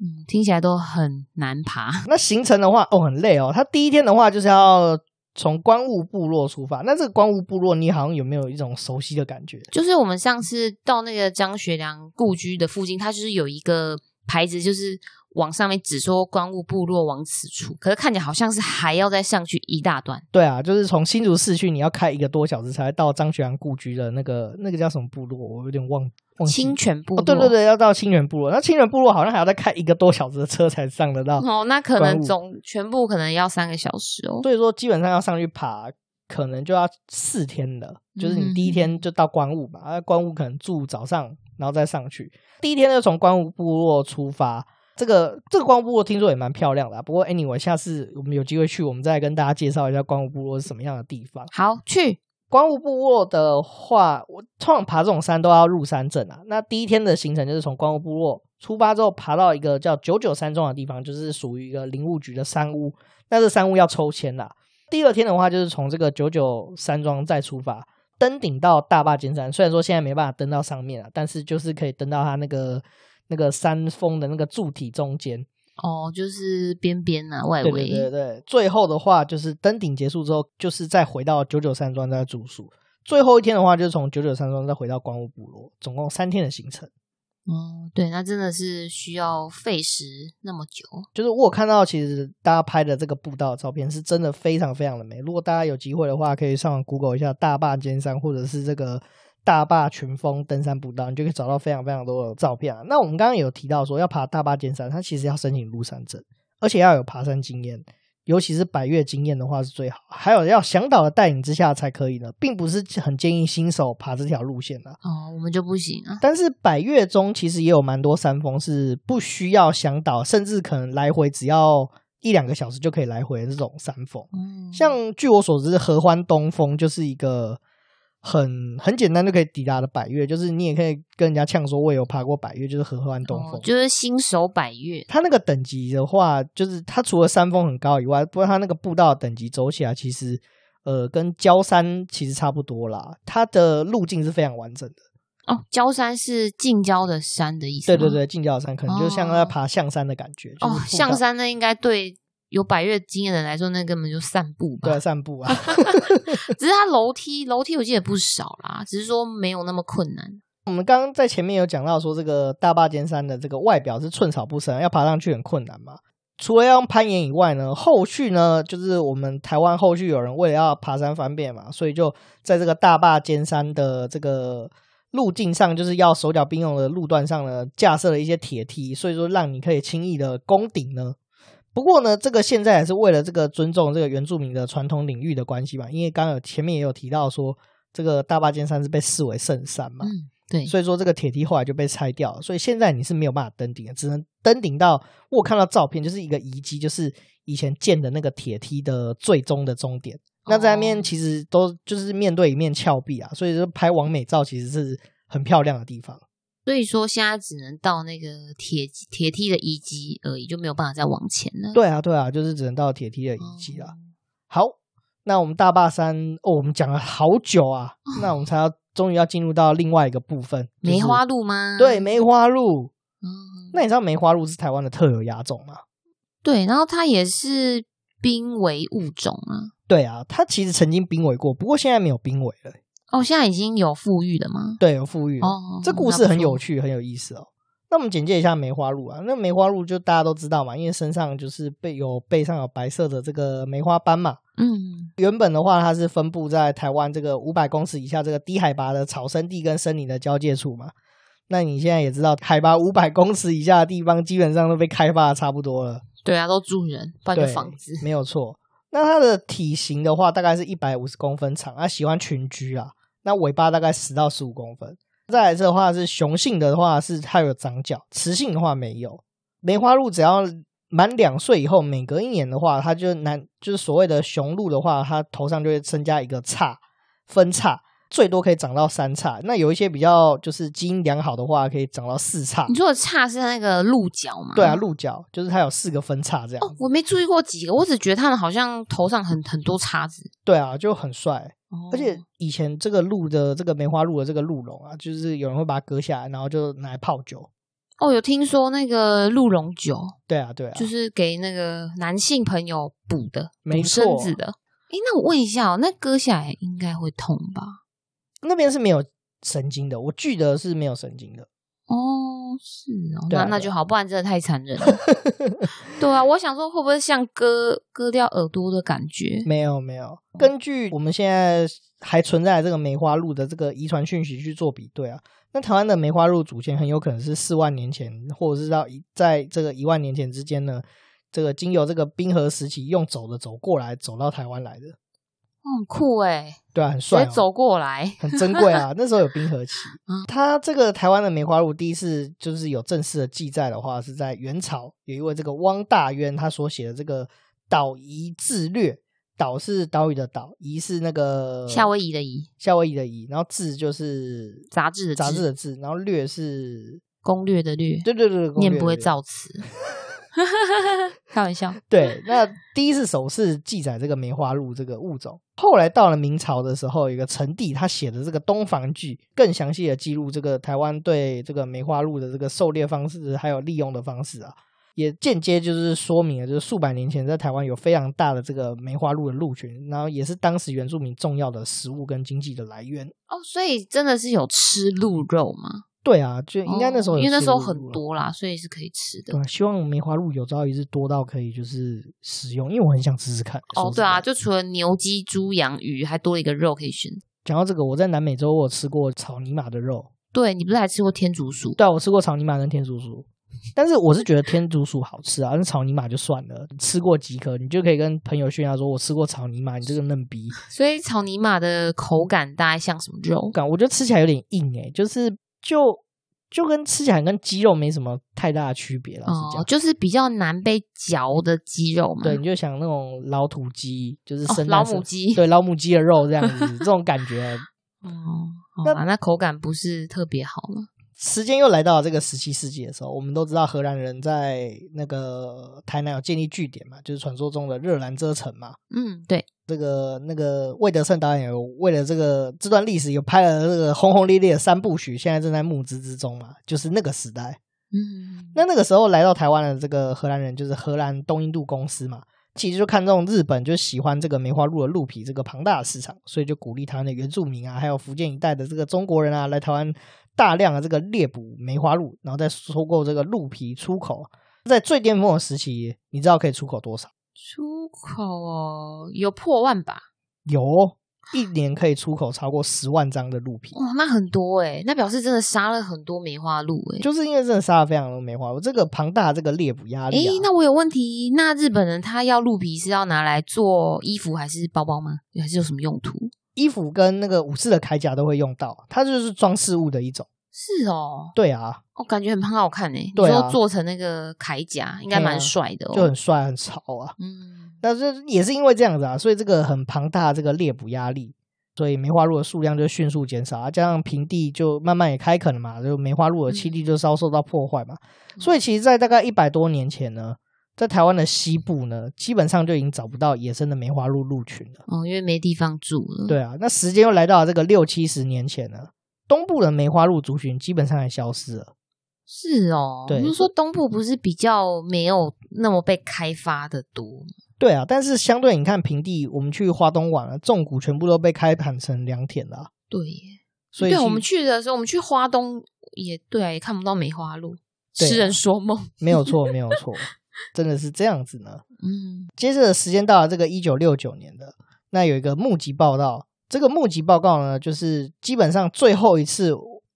A: 嗯，聽起來都很
B: 難爬。那行程的話，哦，很累哦。它第一天的話，就是要從觀霧部落出發。那這個觀霧部落，你好像有沒有一種熟悉的感覺？就
A: 是我們上次到那個張學良故居的附近，它就是有一個牌子，就是。往上面指說，觀霧部落往此處，可是看起來好像是還要再上去一大段。
B: 對啊，就是從新竹市區，你要開一個多小時才到張學良故居的那個那個叫什麼部落，我有點忘。忘記。清泉部落。哦，對對對，要到清泉部落，那清泉部落好像還要再開一個多小時的車才上得到。哦，那可能總
A: 全部可能要三個小時哦。所以說，基本上要上去爬，可能就要
B: 四天了。就是你第一天就到觀霧嘛，那、嗯哼啊、觀霧可能住早上，然後再上去。第一天就從觀霧部落出發。這個這個觀霧部落聽說也蠻漂亮的。啊，不過 anyway 下次我們有機會去，我們再跟大家介紹一下觀霧部落是什麼樣的地方。好，去觀霧部落的話，我通常爬這種山都要入山證啊。那第一天的行程就是從觀霧部落出發之後，爬到一個叫九九山莊的地方，就是屬於一個林務局的山屋。那這山屋要抽籤啦。啊、第二天的話，就是從這個九九山莊再出發，登頂到大霸尖山。雖然說現在沒辦法登到上面啊，但是就是可以登到它那個。那個山峰的那個柱體中間，
A: 哦，就是邊邊啊，外圍。對，對對對，
B: 最後的話就是登頂結束之後，就是再回到九九山莊再住宿。最後一天的話，就是從九九山莊再回到觀霧部落，總共三天的行程。哦、
A: 嗯，對，那真的是需要費時那麼久。
B: 就是我看到，其實大家拍的這個步道的照片是真的非常非常的美。如果大家有機會的話，可以上 Google 一下大霸尖山，或者是這個。大霸群峰登山步道，你就可以找到非常非常多的照片了啊。那我們剛剛有提到說，要爬大霸尖山，它其實要申請入山證，而且要有爬山經驗，尤其是百岳經驗的話是最好。還有要嚮導的帶領之下才可以呢，並不是很建議新手爬這條路線的啊。哦，我們就不行啊。但是百岳中其實也有蠻多山峰是不需要嚮導，甚至可能來回只要一兩個小時就可以來回的這種山峰。嗯，像據我所知，合歡東峰就是一個。很很簡單就可以抵達的百岳，就是你也可以跟人家嗆說，我也有爬過百岳，就是合歡東峰，哦，
A: 就是新手百岳。
B: 它那個等級的話，就是它除了山峰很高以外，不過它那個步道等級走起來其實，呃，跟郊山其實差不多啦。它的路徑是非常完整的。
A: 哦，郊山是近郊的
B: 山的意思。對對對，近郊的山可能就像在爬象山的感覺。哦，哦，象
A: 山那應該對。有百岳經驗的人來說，那根本就散步吧。對，散步啊。 只是它樓梯樓梯，我記得也不少啦。只是說沒有那麼困難。
B: 我們剛剛在前面有講到說，這個大霸尖山的這個外表是寸草不生，要爬上去很困難嘛。除了要用攀岩以外呢，後續呢，就是我們台灣後續有人為了要爬山方便嘛，所以就在這個大霸尖山的這個路徑上，就是要手腳並用的路段上呢，架設了一些鐵梯，所以說讓你可以輕易的攻頂呢。不過呢，這個現在也是為了這個尊重這個原住民的傳統領域的關係嘛，因為剛有前面也有提到說，這個大霸尖山是被視為聖山嘛，嗯、對，所以說這個鐵梯後來就被拆掉了，所以現在你是沒有辦法登頂的，只能登頂到，我看到照片，就是一個遺跡，就是以前建的那個鐵梯的最終的終點。那在那邊其實都就是面對一面峭壁啊，所以說拍完美照其實是很漂亮的地方。
A: 所以說現在只能到那個鐵鐵梯的遺跡而已，就沒有辦法再往
B: 前了。對啊，對啊，就是只能到鐵梯的遺跡了。嗯、好，那我們大霸山哦，我們講了好久啊，唉那我們才要終於要進入到另外一個部分——就是、梅花
A: 鹿嗎？對，梅
B: 花鹿。嗯、那你知道梅花鹿是台灣的特有亞種嗎？
A: 對，然後它也是瀕危物種啊。
B: 對啊，它其實曾經瀕危過，不過現在沒有瀕危了。
A: 哦，oh, 現在已經有復育的嗎？
B: 對，有復育。哦，oh, 這故事很有趣，很有意思哦。那我們簡介一下梅花鹿啊。那梅花鹿就大家都知道嘛，因為身上就是背有，背上有白色的這個梅花斑嘛。嗯，原本的話它是分布在台灣這個五百公尺以下這個低海拔的草生地跟森林的交界處嘛。那你現在也知道，海拔五百公尺以下的地方基本上都被開發的差不多了。
A: 對啊，都住人，搬個房
B: 子。沒有錯。那它的體型的話，大概是一百五十公分長，它喜歡群居啊。那尾巴大概十到十五公分。再來一次的話，是雄性的話，是它有長角，雌性的話沒有。梅花鹿只要滿兩歲以後，每隔一年的話，它就難，就是所謂的雄鹿的話，它頭上就會增加一個叉，分叉。最多可以長到三叉，那有一些比較就是基因良好的話，可以長到四叉。你
A: 說的叉是那個鹿角嗎？對啊，鹿
B: 角就是它有四個分叉這樣。哦，
A: 我沒注意過幾個，我只覺得它們好像頭上很很多叉子。
B: 對啊，就很帥。哦，
A: 而且
B: 以前這個鹿的這個梅花鹿的這個鹿茸啊，就是有人會把它割下來，然後就拿來泡酒。
A: 哦，有聽說那個鹿茸
B: 酒？對啊，對啊，就
A: 是給那個男性朋友
B: 補的，沒錯，補身子的。
A: 誒、欸，那我問一下，喔，那割下來應該會痛吧？
B: 那邊是沒有神經的，我記得是沒有神經的。
A: 哦，是哦、喔、啊、那那就好，不然真的太殘忍了。 對啊，我想說，會不會像割割掉耳朵的感覺？沒有沒有，根據我們現在還
B: 存在這個梅花鹿的這個遺傳訊息去做比對啊，那台灣的梅花鹿祖先很有可能是四萬年前，或者是到一，在這個一萬年前之間呢，這個經由這個冰河時期用走的走過來，走到台灣來的。
A: 很、嗯、酷哎、
B: 欸，對啊，很帥、喔。走
A: 過來， 很珍貴啊。
B: 那時候有冰河期，嗯、他這個台灣的梅花鹿第一次就是有正式的記載的話，是在元朝有一位這個汪大淵，他所寫的這個《島夷志略》島、島，島是島嶼的島，夷是那個夏威夷的夷，夏威夷的夷，然後志就是雜誌的雜誌的志，然後略是攻略的略，對對對略略，念不會造詞。
A: 哈哈哈！ 開玩笑。 對，
B: 那第一次首次記載這個梅花鹿這個物種，後來到了明朝的時候，有一個陳第他寫的這個《東番記》，更詳細的記錄這個台灣對這個梅花鹿的這個狩獵方式，還有利用的方式啊，也間接就是說明了，就是數百年前在台灣有非常大的這個梅花鹿的鹿群，然後也是當時原住民重要的食物跟經
A: 濟的來源哦。所以真的是有吃鹿肉嗎？
B: 對啊，就應該那時候露露、哦、因為那時候很
A: 多啦，所以是可以吃的。啊、
B: 希望梅花鹿有朝一日多到可以就是食用，因為我很想吃吃看。哦，對
A: 啊，就除了牛雞、雞、豬、羊、魚，還多一個肉可以選。
B: 講到這個，我在南美洲我有吃過草泥馬的肉。對，你不是還吃過天竺鼠？對、啊，我吃過草泥馬跟天竺鼠， 但是我是覺得天竺鼠好吃啊，那草泥馬就算了。你吃過幾顆你就可以跟朋友炫耀說，我吃過草泥馬，你這個嫩逼。
A: 所以草泥馬的口感大概像什麼肉感？我覺得吃起來有點硬誒、欸，就是。就就跟吃起來跟雞肉沒什麼太大的區別了，是這樣，就是比較難被嚼的雞肉嘛。對，
B: 你就想那種老土雞，就是生老、哦、母雞，對，老母雞的肉這樣子， 這種感覺。
A: 哦，那，那口感不是特別好了。
B: 時間又來到了這個十七世紀的時候，我們都知道荷蘭人在那個台南有建立據點嘛，就是傳說中的熱蘭遮城嘛。嗯，對。這個那個魏德聖導演為了這個這段歷史，有拍了這個轟轟烈烈的三部曲，現在正在募資之中嘛。就是那個時代，嗯，那那個時候來到台灣的這個荷蘭人，就是荷蘭東印度公司嘛，其實就看中日本，就喜歡這個梅花鹿的鹿皮這個龐大的市場，所以就鼓勵台灣的原住民啊，還有福建一帶的這個中國人啊，來台灣大量的這個獵捕梅花鹿，然後再收購這個鹿皮出口。在最巔峰的時期，你知道可以出口多少？
A: 出口哦、喔，有破萬吧？
B: 有，一年可以出口超過十萬張的鹿皮。
A: 哇，那很多誒、欸，那表示真的殺了很多梅花鹿誒、欸。就是因
B: 為真的殺了非常多梅花鹿，這個龐大的這個獵捕壓力、啊。誒、欸，
A: 那我有問題，那日本人他要鹿皮是要拿來做衣服還是包包嗎？還是有什麼用途？衣服跟那個武士的鎧甲都會用到，它就是裝飾物的一種。是哦、喔，對啊，我、哦、感覺很胖，好看哎！對啊、你說做成那個鎧甲，應該蠻帥的、喔啊，就很
B: 帥很潮啊。嗯，但是也是因為這樣子啊，所以這個很龐大這個獵捕壓力，所以梅花鹿的數量就迅速減少、啊。加上平地就慢慢也開墾了嘛，就梅花鹿的棲地就遭受到破壞嘛。嗯、所以其實，在大概一百多年前呢，在台灣的西部呢，基本上就已經找不到野生的梅花鹿鹿群了。
A: 哦，因為沒地方
B: 住了。對啊，那時間又來到這個六七十年前呢。東部的梅花鹿族群基本上也消失了
A: 是、喔。是哦對，不是說東部不是比較沒有那麼被開發的多嗎？
B: 對啊，但是相對你看平地，我們去花東玩了，種谷全部都被開墾成良田了。
A: 對，耶對，所以我們去的時候，我們去花東也對、啊，也看不到梅花鹿，
B: 痴、啊、人說夢。 沒有錯，沒有錯，真的是這樣子呢。嗯，接着時間到了這個一九六九年的，那有一個目擊報道。這個目擊報告呢，就是基本上最後一次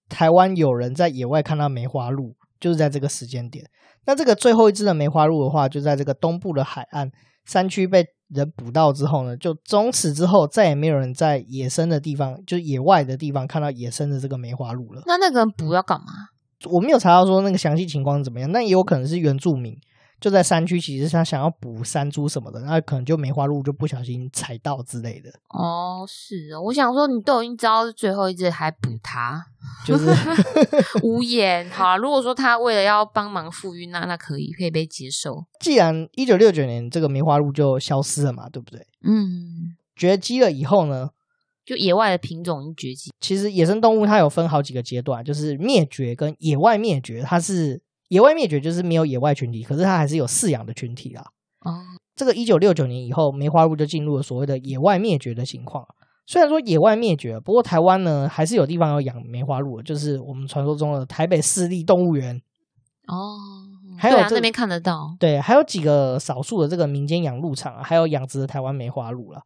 B: 台灣有人在野外看到梅花鹿，就是在這個時間點。那這個最後一隻的梅花鹿的話，就在這個東部的海岸山區被人捕到之後呢，就從此之後再也沒有人在野生的地方，就野外的地方看到野生的這個梅花鹿了。那那個人捕要幹嘛？我沒有查到說那個詳細情況是怎麼樣，那也有可能是原住民。就在山區，其實他想要捕山豬什麼的，那可能就梅花鹿就不小心踩到之類的。
A: 哦，是哦，我想說，你都已經知道是最後一隻，還捕它，就是 無言。 好啊，如果說他為了要幫忙復育，那那可以可以被接受。
B: 既然一九六九年這個梅花鹿就消失了嘛，對不對？嗯，絕跡了以後呢，
A: 就野外的品
B: 種已經絕跡。其實野生動物它有分好幾個階段，就是滅絕跟野外滅絕，它是。野外滅絕就是沒有野外群體，可是它還是有飼養的群體啦。哦，oh. 這個一九六九年以後，梅花鹿就進入了所謂的野外滅絕的情況。雖然說野外滅絕，不過台灣呢還是有地方有養梅花鹿的，就是我們傳說中的台北市立動物園。
A: 哦，oh. 還有這、啊、那邊看得到，
B: 對，還有幾個少數的這個民間養鹿場，還有養殖的台灣梅花鹿了。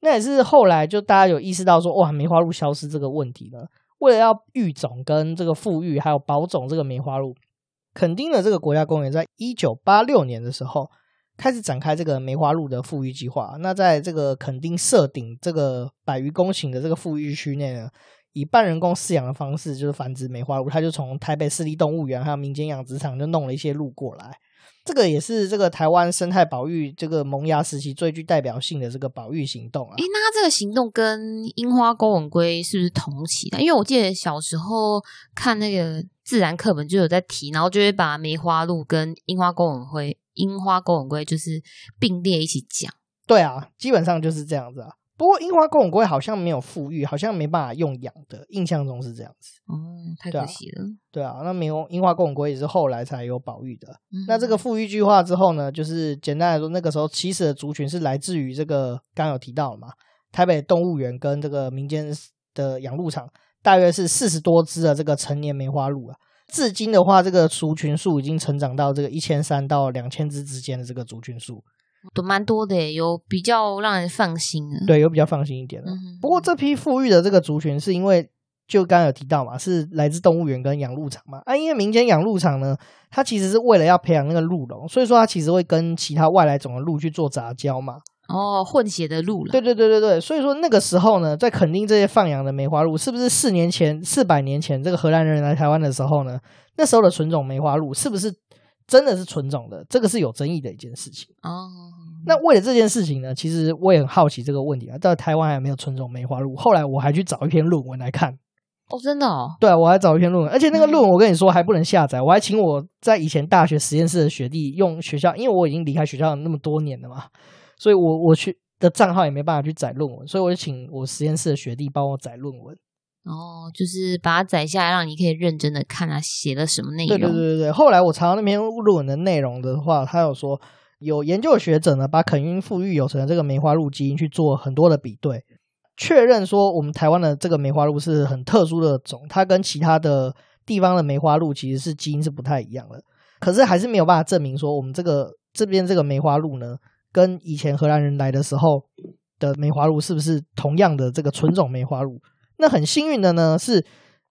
B: 那也是後來就大家有意識到說，哇，梅花鹿消失這個問題了。為了要育種跟這個復育還有保種這個梅花鹿。墾丁的這個國家公園在一九八六年的時候開始展開這個梅花鹿的復育計劃。那在這個墾丁設定這個百餘公頃的這個復育區內呢，以半人工飼養的方式，就是繁殖梅花鹿，它就從台北市立動物園還有民間養殖場就弄了一些鹿過來。這個也是這個台灣生態保育這個萌芽時期最具代表性的這個保育行動啊。
A: 哎，那這個行動跟櫻花鉤吻鮭是不是同期的？因為我記得小時候看那個。自然課本就有在提，然後就會把梅花鹿跟櫻花鉤吻鮭，櫻花鉤吻鮭就是並列一起講。對啊，基本上就是這樣子啊。
B: 不過櫻花鉤吻鮭好像沒有復育，好像沒辦法用養的，印象中是這樣子。哦、嗯，太可惜了。對啊，對啊，那梅櫻花鉤吻鮭也是後來才有保育的。嗯、哼那這個復育計劃之後呢，就是簡單來說，那個時候起始的族群是來自於這個剛有提到了嘛，台北動物園跟這個民間的養鹿場。大約是四十多只的這個成年梅花鹿啊，至今的話，這個族群數已經成長到這個一千三到兩千只之間的這個族群數，
A: 都蠻多的，有比較讓人放心。對，
B: 有比較放心一點的
A: 啊。不過這批復育的這個
B: 族群，是因為就剛剛有提到嘛，是來自動物園跟養鹿場嘛。啊，因為民間養鹿場呢，它其實是為了要培養那個鹿茸，所以說它其實會跟其他外來種的鹿去做雜交嘛。哦，混血的鹿了。對對對對對，所以說那個時候呢，在墾丁這些放養的梅花鹿是不是四年前、四百年前這個荷蘭人來台灣的時候呢？那時候的純種梅花鹿是不是真的是純種的？這個是有爭議的一件事情。哦，那為了這件事情呢，其實我也很好奇這個問題啊，在台灣還有沒有純種梅花鹿？後來我還去找一篇論文來看。
A: 哦，真的？
B: 哦。對，我還找一篇論文，而且那個論文我跟你說還不能下載，嗯、我還請我在以前大學實驗室的學弟用學校，因為我已經離開學校那麼多年了嘛。所以我，我我去的賬號也沒辦法去載論文，所以我就請我實驗室的學弟幫我載論
A: 文，然後、哦、就是把它載下來，讓你可以認真的看它寫的什麼內容。對
B: 對對對。後來我查到那篇論文的內容的話，他有說，有研究學者呢，把墾丁復育有成的這個梅花鹿基因去做很多的比對，確認說我們台灣的這個梅花鹿是很特殊的種，它跟其他的地方的梅花鹿其實是基因是不太一樣的，可是還是沒有辦法證明說我們這個這邊這個梅花鹿呢，跟以前荷蘭人來的時候的梅花鹿是不是同樣的這個純種梅花鹿？那很幸運的呢，是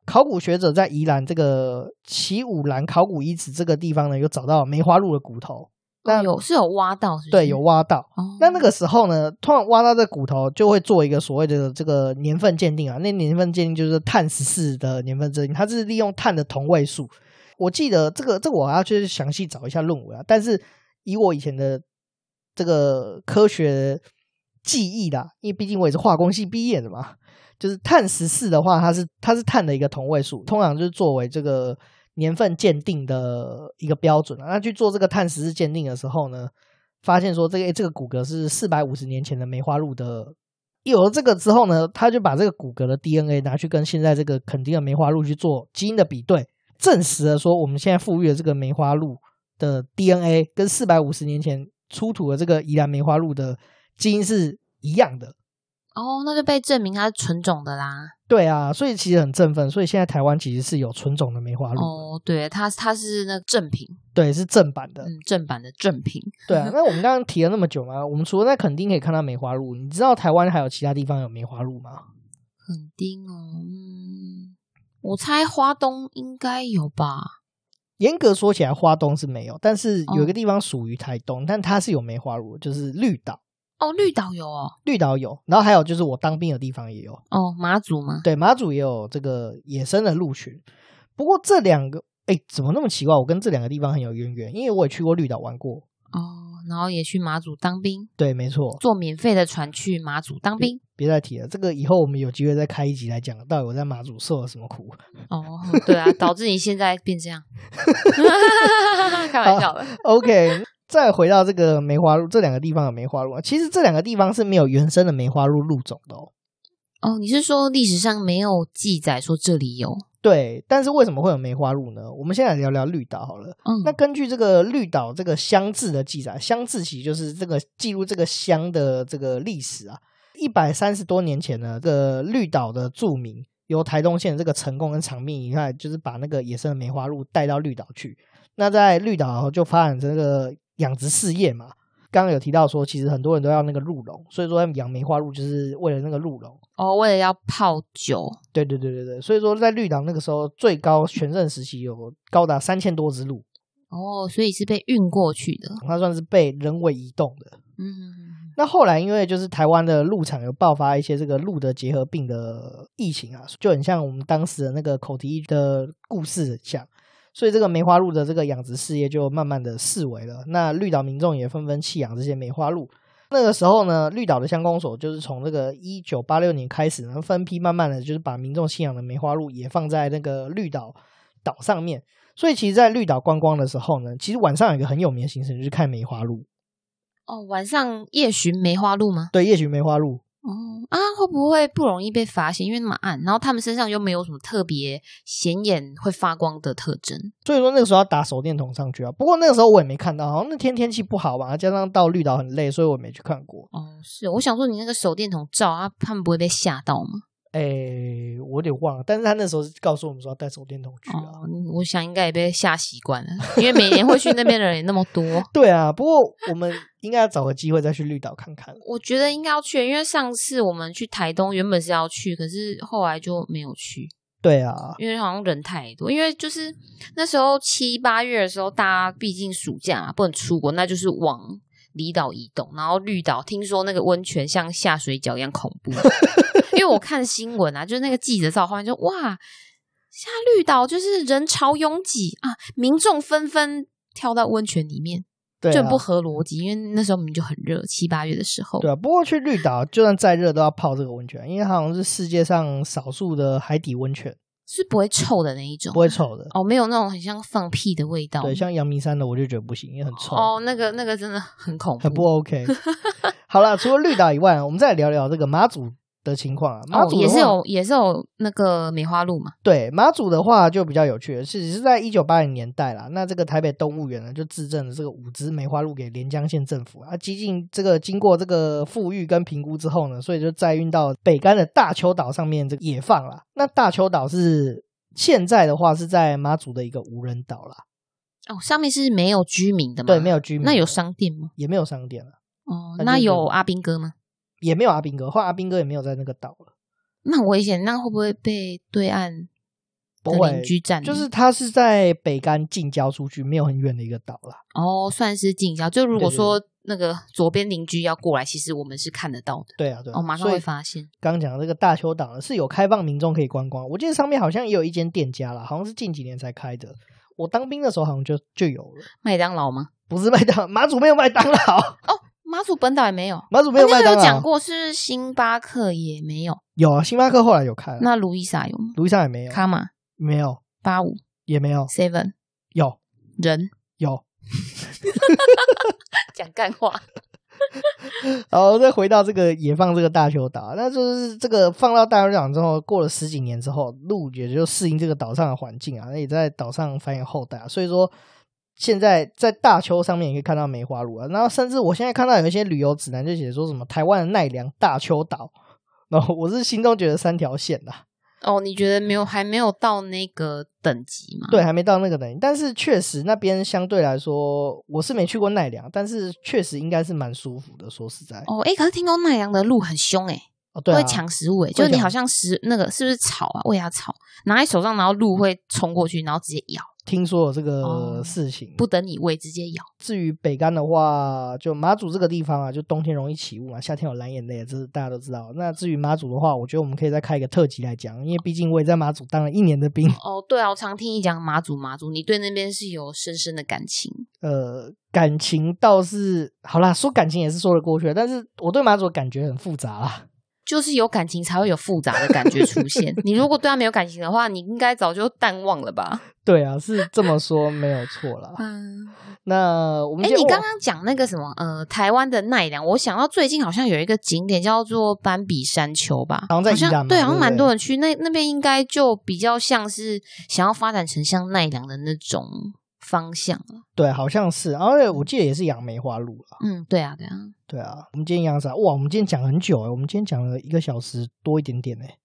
B: 考古學者在宜蘭這個奇武蘭考古遺址這個地方呢，有找到梅花鹿的骨頭。
A: 那、哦、有是有挖到是不是，對，有
B: 挖到。那、哦、那個時候呢，通常挖到的骨頭，就會做一個所謂的這個年份鑑定啊。那年份鑑定就是碳十四的年份鑑定，它是利用碳的同位素。我記得這個，這個我還要去詳細找一下論文啊。但是以我以前的。這個科學記憶的，因為畢竟我也是化工系畢業的嘛。就是碳十四的話，它是它是碳的一個同位素，通常就是作為這個年份鑑定的一個標準。那去做這個碳十四鑑定的時候呢，發現說這個這個骨骼是四百五十年前的梅花鹿的。有了這個之後呢，他就把這個骨骼的 DNA 拿去跟現在這個墾丁的梅花鹿去做基因的比對，證實了說我們現在復育的這個梅花鹿的 DNA 跟四百五十年前。出土的這個宜蘭梅花鹿的基因是一樣的
A: 哦，那就被證明它是純種的啦。
B: 對啊，所以其實很振奮。所以現在台灣其實是有純種的梅花鹿。哦，
A: 對，它它是那正品，
B: 對，是正版的，嗯、正版的正品。對啊，那我們剛剛提了那麼久嘛， 我們除了在墾丁可以看到梅花鹿，你知道台灣還有其他地方有梅花鹿嗎？墾丁哦、嗯，我猜花東應該有吧。嚴格說起來，花東是沒有，但是有一個地方屬於台東，哦、但它是有梅花鹿，就是綠島
A: 哦。綠島有哦，
B: 綠島有，然後還有就是我當兵的地方也有哦。馬祖嗎？對，馬祖也有這個野生的鹿群。不過這兩個，哎、欸，怎麼那麼奇怪？我跟這兩個地方很有淵源，因為我也去過綠島玩過。
A: 哦，然後也去馬祖當兵，
B: 對，沒錯，
A: 坐免費的船去馬祖當兵。
B: 別再提了，這個以後我們有機會再開一集來講，到底我在馬祖受了什麼苦。哦，
A: 對啊， 導致你現在變這樣，
B: 開玩笑的好。 OK，再回到這個梅花鹿，這兩個地方有梅花鹿啊？其實這兩個地方是沒有原生的梅花鹿鹿種的
A: 哦。哦，你是說歷史上
B: 沒有記載說這裡有？對，但是為什麼會有梅花鹿呢？我們現在聊聊綠島好了。嗯、那根據這個綠島這個鄉志的記載，鄉志其實就是這個記錄這個鄉的這個歷史啊。一百三十多年前呢，這個、綠島的著名由台東縣這個成功跟長命一帶，就是把那個野生的梅花鹿帶到綠島去。那在綠島就發展這個養殖事業嘛。剛剛有提到說，其實很多人都要那個鹿茸，所以說養梅花鹿就是為了那個鹿茸。
A: 哦，為了要泡
B: 酒。對對對對對，所以說在綠島那個時候，最高全盛時期有高達三千多隻鹿。哦，所以是被運過去的，它算是被人為移動的。嗯，那後來因為就是台灣的鹿場有爆發一些這個鹿的結核病的疫情啊，就很像我們當時的那個口蹄疫的故事很像。所以這個梅花鹿的這個養殖事業就慢慢的式微了，那綠島民眾也紛紛棄養這些梅花鹿。那個時候呢，綠島的鄉公所就是從那個一九八六年開始呢，然後分批慢慢的就是把民眾棄養的梅花鹿也放在那個綠島島上面。所以其實，在綠島觀光的時候呢，其實晚上有一個很有名的行程就是看梅花鹿。
A: 哦，晚上夜巡梅花鹿嗎？對，夜巡梅花鹿。哦、嗯、啊，會不會不容易被發現？因為那麼暗，然後他們身上又沒有什麼特別顯眼、會發光的特徵，所以說那個時候要
B: 打手電筒上去啊。不過那個時候我也沒看到，好像那天天氣不好吧，加上到綠島很累，所以我也沒去看過。哦、嗯，
A: 是，我想說你那個手電筒照啊，他們不會被嚇到嗎？哎、欸，我有點忘了，但是他那時候是告訴我們說要帶手電筒去啊、嗯。我想應該也被嚇習慣了，因為每年會去那邊的
B: 人也那麼多。 對啊，不過我們應該要找個機會再去綠島看看。
A: 我覺得應該要去，因為上次我們去台東原本是要去，可是後來就沒有去。對啊，因為好像人太多，因為就是那時候七八月的時候，大家畢竟暑假、啊、不能出國，那就是往。離島移動，然後綠島聽說那個溫泉像下水餃一樣恐怖， 因為我看新聞啊，就是那個記者照畫面就哇，下綠島就是人潮擁擠啊，民眾紛紛跳到溫泉裡面，對啊、就不合邏輯，因為那時候我們就很熱，七
B: 八月的時候。對啊，不過去綠島就算再熱都要泡這個溫泉，因為好像是世界上少數的海底溫泉。
A: 是不會臭的那一種，不會臭的哦，沒有那種很像放屁的味道。對，
B: 像陽明山的我就覺得不行，因為很臭
A: 哦。那個那個真的
B: 很恐怖，很不 OK。 好了，除了綠島以外，我們再聊聊這個馬祖。的情況啊，馬祖、哦、也是有
A: 也是有那個梅花鹿嘛。
B: 對，馬祖的話就比較有趣的是，是在一九八零年代啦。那這個台北動物園呢，就致贈了這個五隻梅花鹿給連江縣政府啊。接近這個經過這個復育跟評估之後呢，所以就再運到北竿的大坵島上面這個野放了。那大坵島是現在的話是在馬祖的一個無人島
A: 了。哦，上面是沒有居民的嗎？對，沒有居民，那
B: 有商店嗎？也沒有商店了。
A: 哦，那，那有
B: 阿兵哥嗎？也沒有阿兵哥，後來阿兵哥也沒有在那個島
A: 了。那很危險，那會不會被對岸的鄰居佔？就是他是
B: 在北竿近郊
A: 出去，沒有很遠的一個島了。哦，算是近郊。就如果說，對對對，那個左邊鄰居要過來，其實我們是看得到的。對啊，對啊，我、哦、馬上會
B: 發現。剛講的這個大坵島呢，是有開放民眾可以觀光。我記得上面好像也有一間店家啦，好像是近幾年才開的。我當兵的時候，好像就就有了。
A: 麥當勞嗎？不是麥當勞，馬祖沒有麥當勞。哦。馬祖本島也沒有，馬祖沒有麥當勞。那有講過是星巴克也沒有，
B: 有啊，星巴克後來有開。那路易莎有嗎？路易莎也沒有。卡馬瑪沒有，八五也沒有，seven 有人有，
A: 講幹話。
B: 然 後，再回到這個野放這個大坵島，那就是這個放到大坵島之後，過了十幾年之後，鹿也就適應這個島上的環境啊，也在島上繁衍後代、啊。所以說。現在在大邱上面也可以看到梅花鹿啊，然後甚至我現在看到有一些旅遊指南就寫說什麼台灣的奈良大邱島，然、no, 後我是心中覺得三條線的
A: 哦。你覺得沒有還沒有到那個等級嗎？對，還
B: 沒到那個等級，但是確實那邊相對來說我是沒去過奈良，但是確實應該是蠻舒服的，說實
A: 在哦，哎、欸，可是聽說奈良的鹿很凶誒、欸、哦對、啊，會搶食物誒、欸、就是你好像食那個是不是草啊？餵它草，拿在手上，然後鹿會衝過去，然後直接咬。聽說有這個事情，嗯、不等你餵，直接咬。至於北竿的話，就馬祖這個地方啊，就冬天
B: 容易起霧嘛，夏天有藍眼淚，這是大家都知道。那至於馬祖的話，我覺得我們可以再開一個特輯來講，因為畢竟我也在馬祖當了一年的兵。
A: 嗯、哦，對啊、哦，我常聽你講馬祖，馬祖，你對那邊是有深深的感情。
B: 呃，感情倒是好啦，說感情也是說得過去，
A: 但是我對馬祖感覺很複雜啦。就是有感情，才會有複雜的感覺出現。 你如果對他沒有感情的話，你應該早就淡忘了吧？
B: 對啊，是這麼說沒有錯
A: 啦。嗯，那我們哎、欸，你剛剛講那個什麼呃，台灣的奈良，我想到最近好像有一個景點叫做斑比山丘吧？好像對，好像蠻、啊、吧多人去。那那邊應該就比較像是想要發展成像奈良的那種。方向了，
B: 對，好像是，然後我記得也是養梅花鹿
A: 了，嗯，對啊，對啊，
B: 對啊。我們今天養啥？哇，我們今天講了很久哎、欸，我們今天講了一個小時多一點點哎、欸，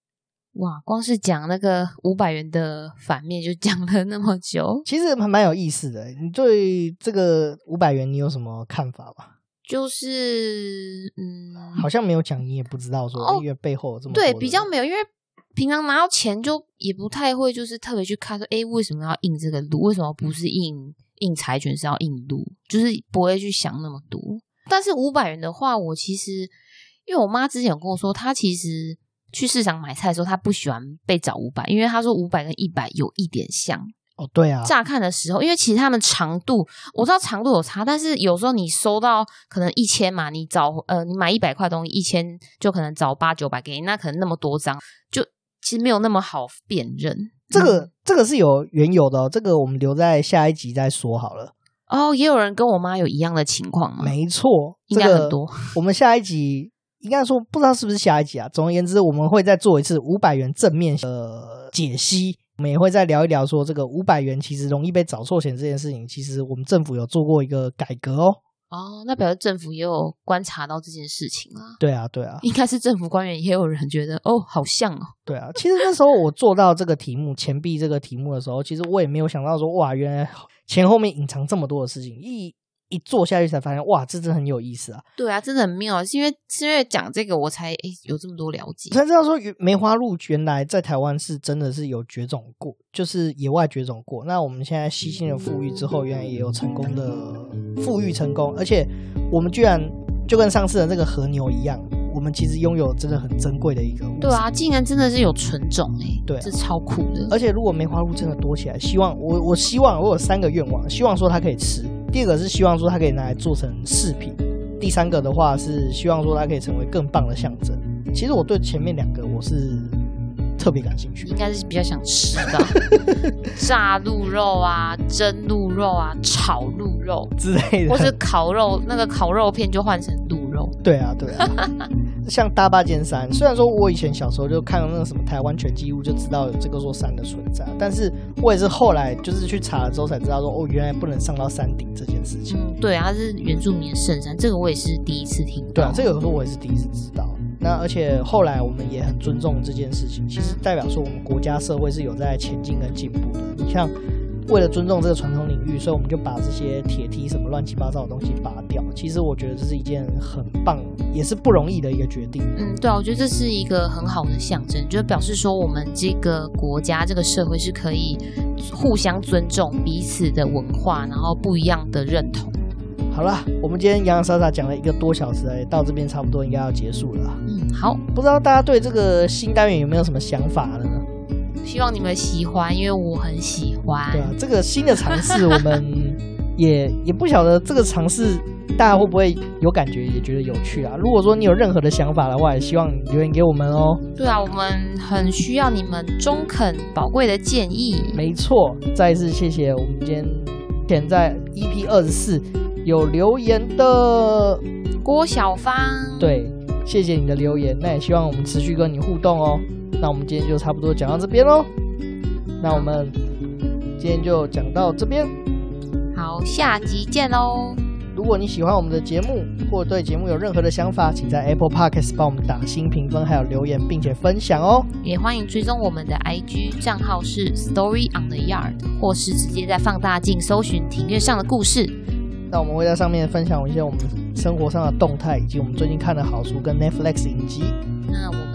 A: 哇，光是講那個五百元的反面就講了那麼久， 其實還蠻有意思
B: 的、欸。你對這個五百元你有什麼看法吧？
A: 就是，嗯，
B: 好像沒有講，你也不知道說，音樂、哦、背後這麼，對，比較
A: 沒有，因為。平常拿到錢就也不太會，就是特別去看說，哎、欸，為什麼要印這個鹿？為什麼不是印印柴犬是要印鹿？就是不會去想那麼多。但是五百元的話，我其實因為我媽之前有跟我說，她其實去市場買菜的時候，她不喜歡被找五百，因為她說五百跟一百有一點像。哦，對啊，乍看的時候，因為其實它們長度，我知道長度有差，但是有時候你收到可能一千嘛，你找呃，你買一百塊東西，一千就可能找八九百給你，那可能那麼多張就。其實沒有那麼好辨認，
B: 這個、嗯、這個是有緣由的，哦，這個我們留在下一集再說好了。
A: 哦，也有人跟我媽有一樣的情況嗎？沒錯，應該、這個、很多。我們
B: 下一集應該說，不知道是不是下一集啊。總而言之，我們會再做一次五百元正面的解析，我們也會再聊一聊說這個五百元其實容易被找錯錢這件事情。其實我們政府有做過一個改革哦。
A: 哦，那表示政府也有觀察到這件事情啊？
B: 對啊，對啊，應
A: 該是政府官員也有人覺得哦，好像哦。對啊，其實那時
B: 候我做到這個題目，錢幣 這個題目的時候，其實我也沒有想到說，哇，原來錢後面隱藏這麼多的事情一。一坐下去才發現，哇，這真的很有意思啊！
A: 對啊，真的很妙啊！是因為是因為講這個，我才、欸、有這麼多了解，
B: 才知道說梅花鹿原來在台灣是真的是有絕種過，就是野外絕種過。那我們現在細心的復育之後，嗯、哼原來也有成功的復育成功，而且我們居然就跟上次的那個和牛一樣，我們其實擁有真的很珍貴的一個。
A: 對啊，竟然真的是有純種哎、欸、
B: 對、啊，是超酷的！而且如果梅花鹿真的多起來，希望我我希望我有三個願望，希望說它可以吃。第二個是希望說它可以拿來做成飾品，第三個的話是希望說它可以成為更棒的象徵。其實我對前面兩個我是特別感
A: 興趣，應該是比較想吃的， 炸鹿肉啊、蒸鹿肉啊、炒鹿肉之類的，或者烤肉那個烤肉片就換成鹿肉。對啊，
B: 對啊，對啊。像大霸尖山，雖然說我以前小時候就看到那個什麼台灣全紀錄，就知道有這個座山的存在，但是我也是後來就是去查了之後才知道說，哦，原來不能上到山頂這件事情。嗯，
A: 對啊，它是原住民的聖山，這個我也是第一次聽。對
B: 啊，這個我也是第一次知道。那而且後來我們也很尊重這件事情，其實代表說我們國家社會是有在前進跟進步的。你像。為了尊重這個傳統領域，所以我們就把這些鐵梯什麼亂七八糟的東西拔掉。其實我覺得這是一件很棒，也是不容易的一個決定。
A: 嗯，對啊，我覺得這是一個很好的象徵，就表示說我們這個國家、這個社會是可以互相尊重彼此的文化，然後不一樣的認同。好了，我們今天洋洋灑灑講
B: 了一個多小時而已，到這邊差不多應該要結束了。嗯，好，不知道大家對這個新單元有沒有什麼想法呢？
A: 希望你們喜歡，因為我很喜歡。對啊，這個新的嘗試，我
B: 們也 也不曉得這個嘗試大家會不會有感覺，也覺得有趣啊。如果說你有任何的想法的話，也希望留言給我們哦。
A: 對啊，我們很需要你們中肯寶貴的建議。沒錯，再一次謝謝我們今
B: 天在 EP 二十四有留言的郭曉芳。對，謝謝你的留言，那也希望我們持續跟你互動哦。那我們今天就差不多講到這邊嘍。那我們今天就講到這邊，
A: 好，下集見嘍！
B: 如果你喜歡我們的節目，或對節目有任何的想法，請在 Apple Podcast 幫我們打星評分，還有留言，並且分享哦。
A: 也歡迎追蹤我們的 IG 賬號是 Story on the Yard，或是直接在放大鏡搜尋庭院上的故事。
B: 那我們會在上面分享一些我們生活上的動態，以及我們最近看的好書跟 Netflix 影集。那
A: 我們。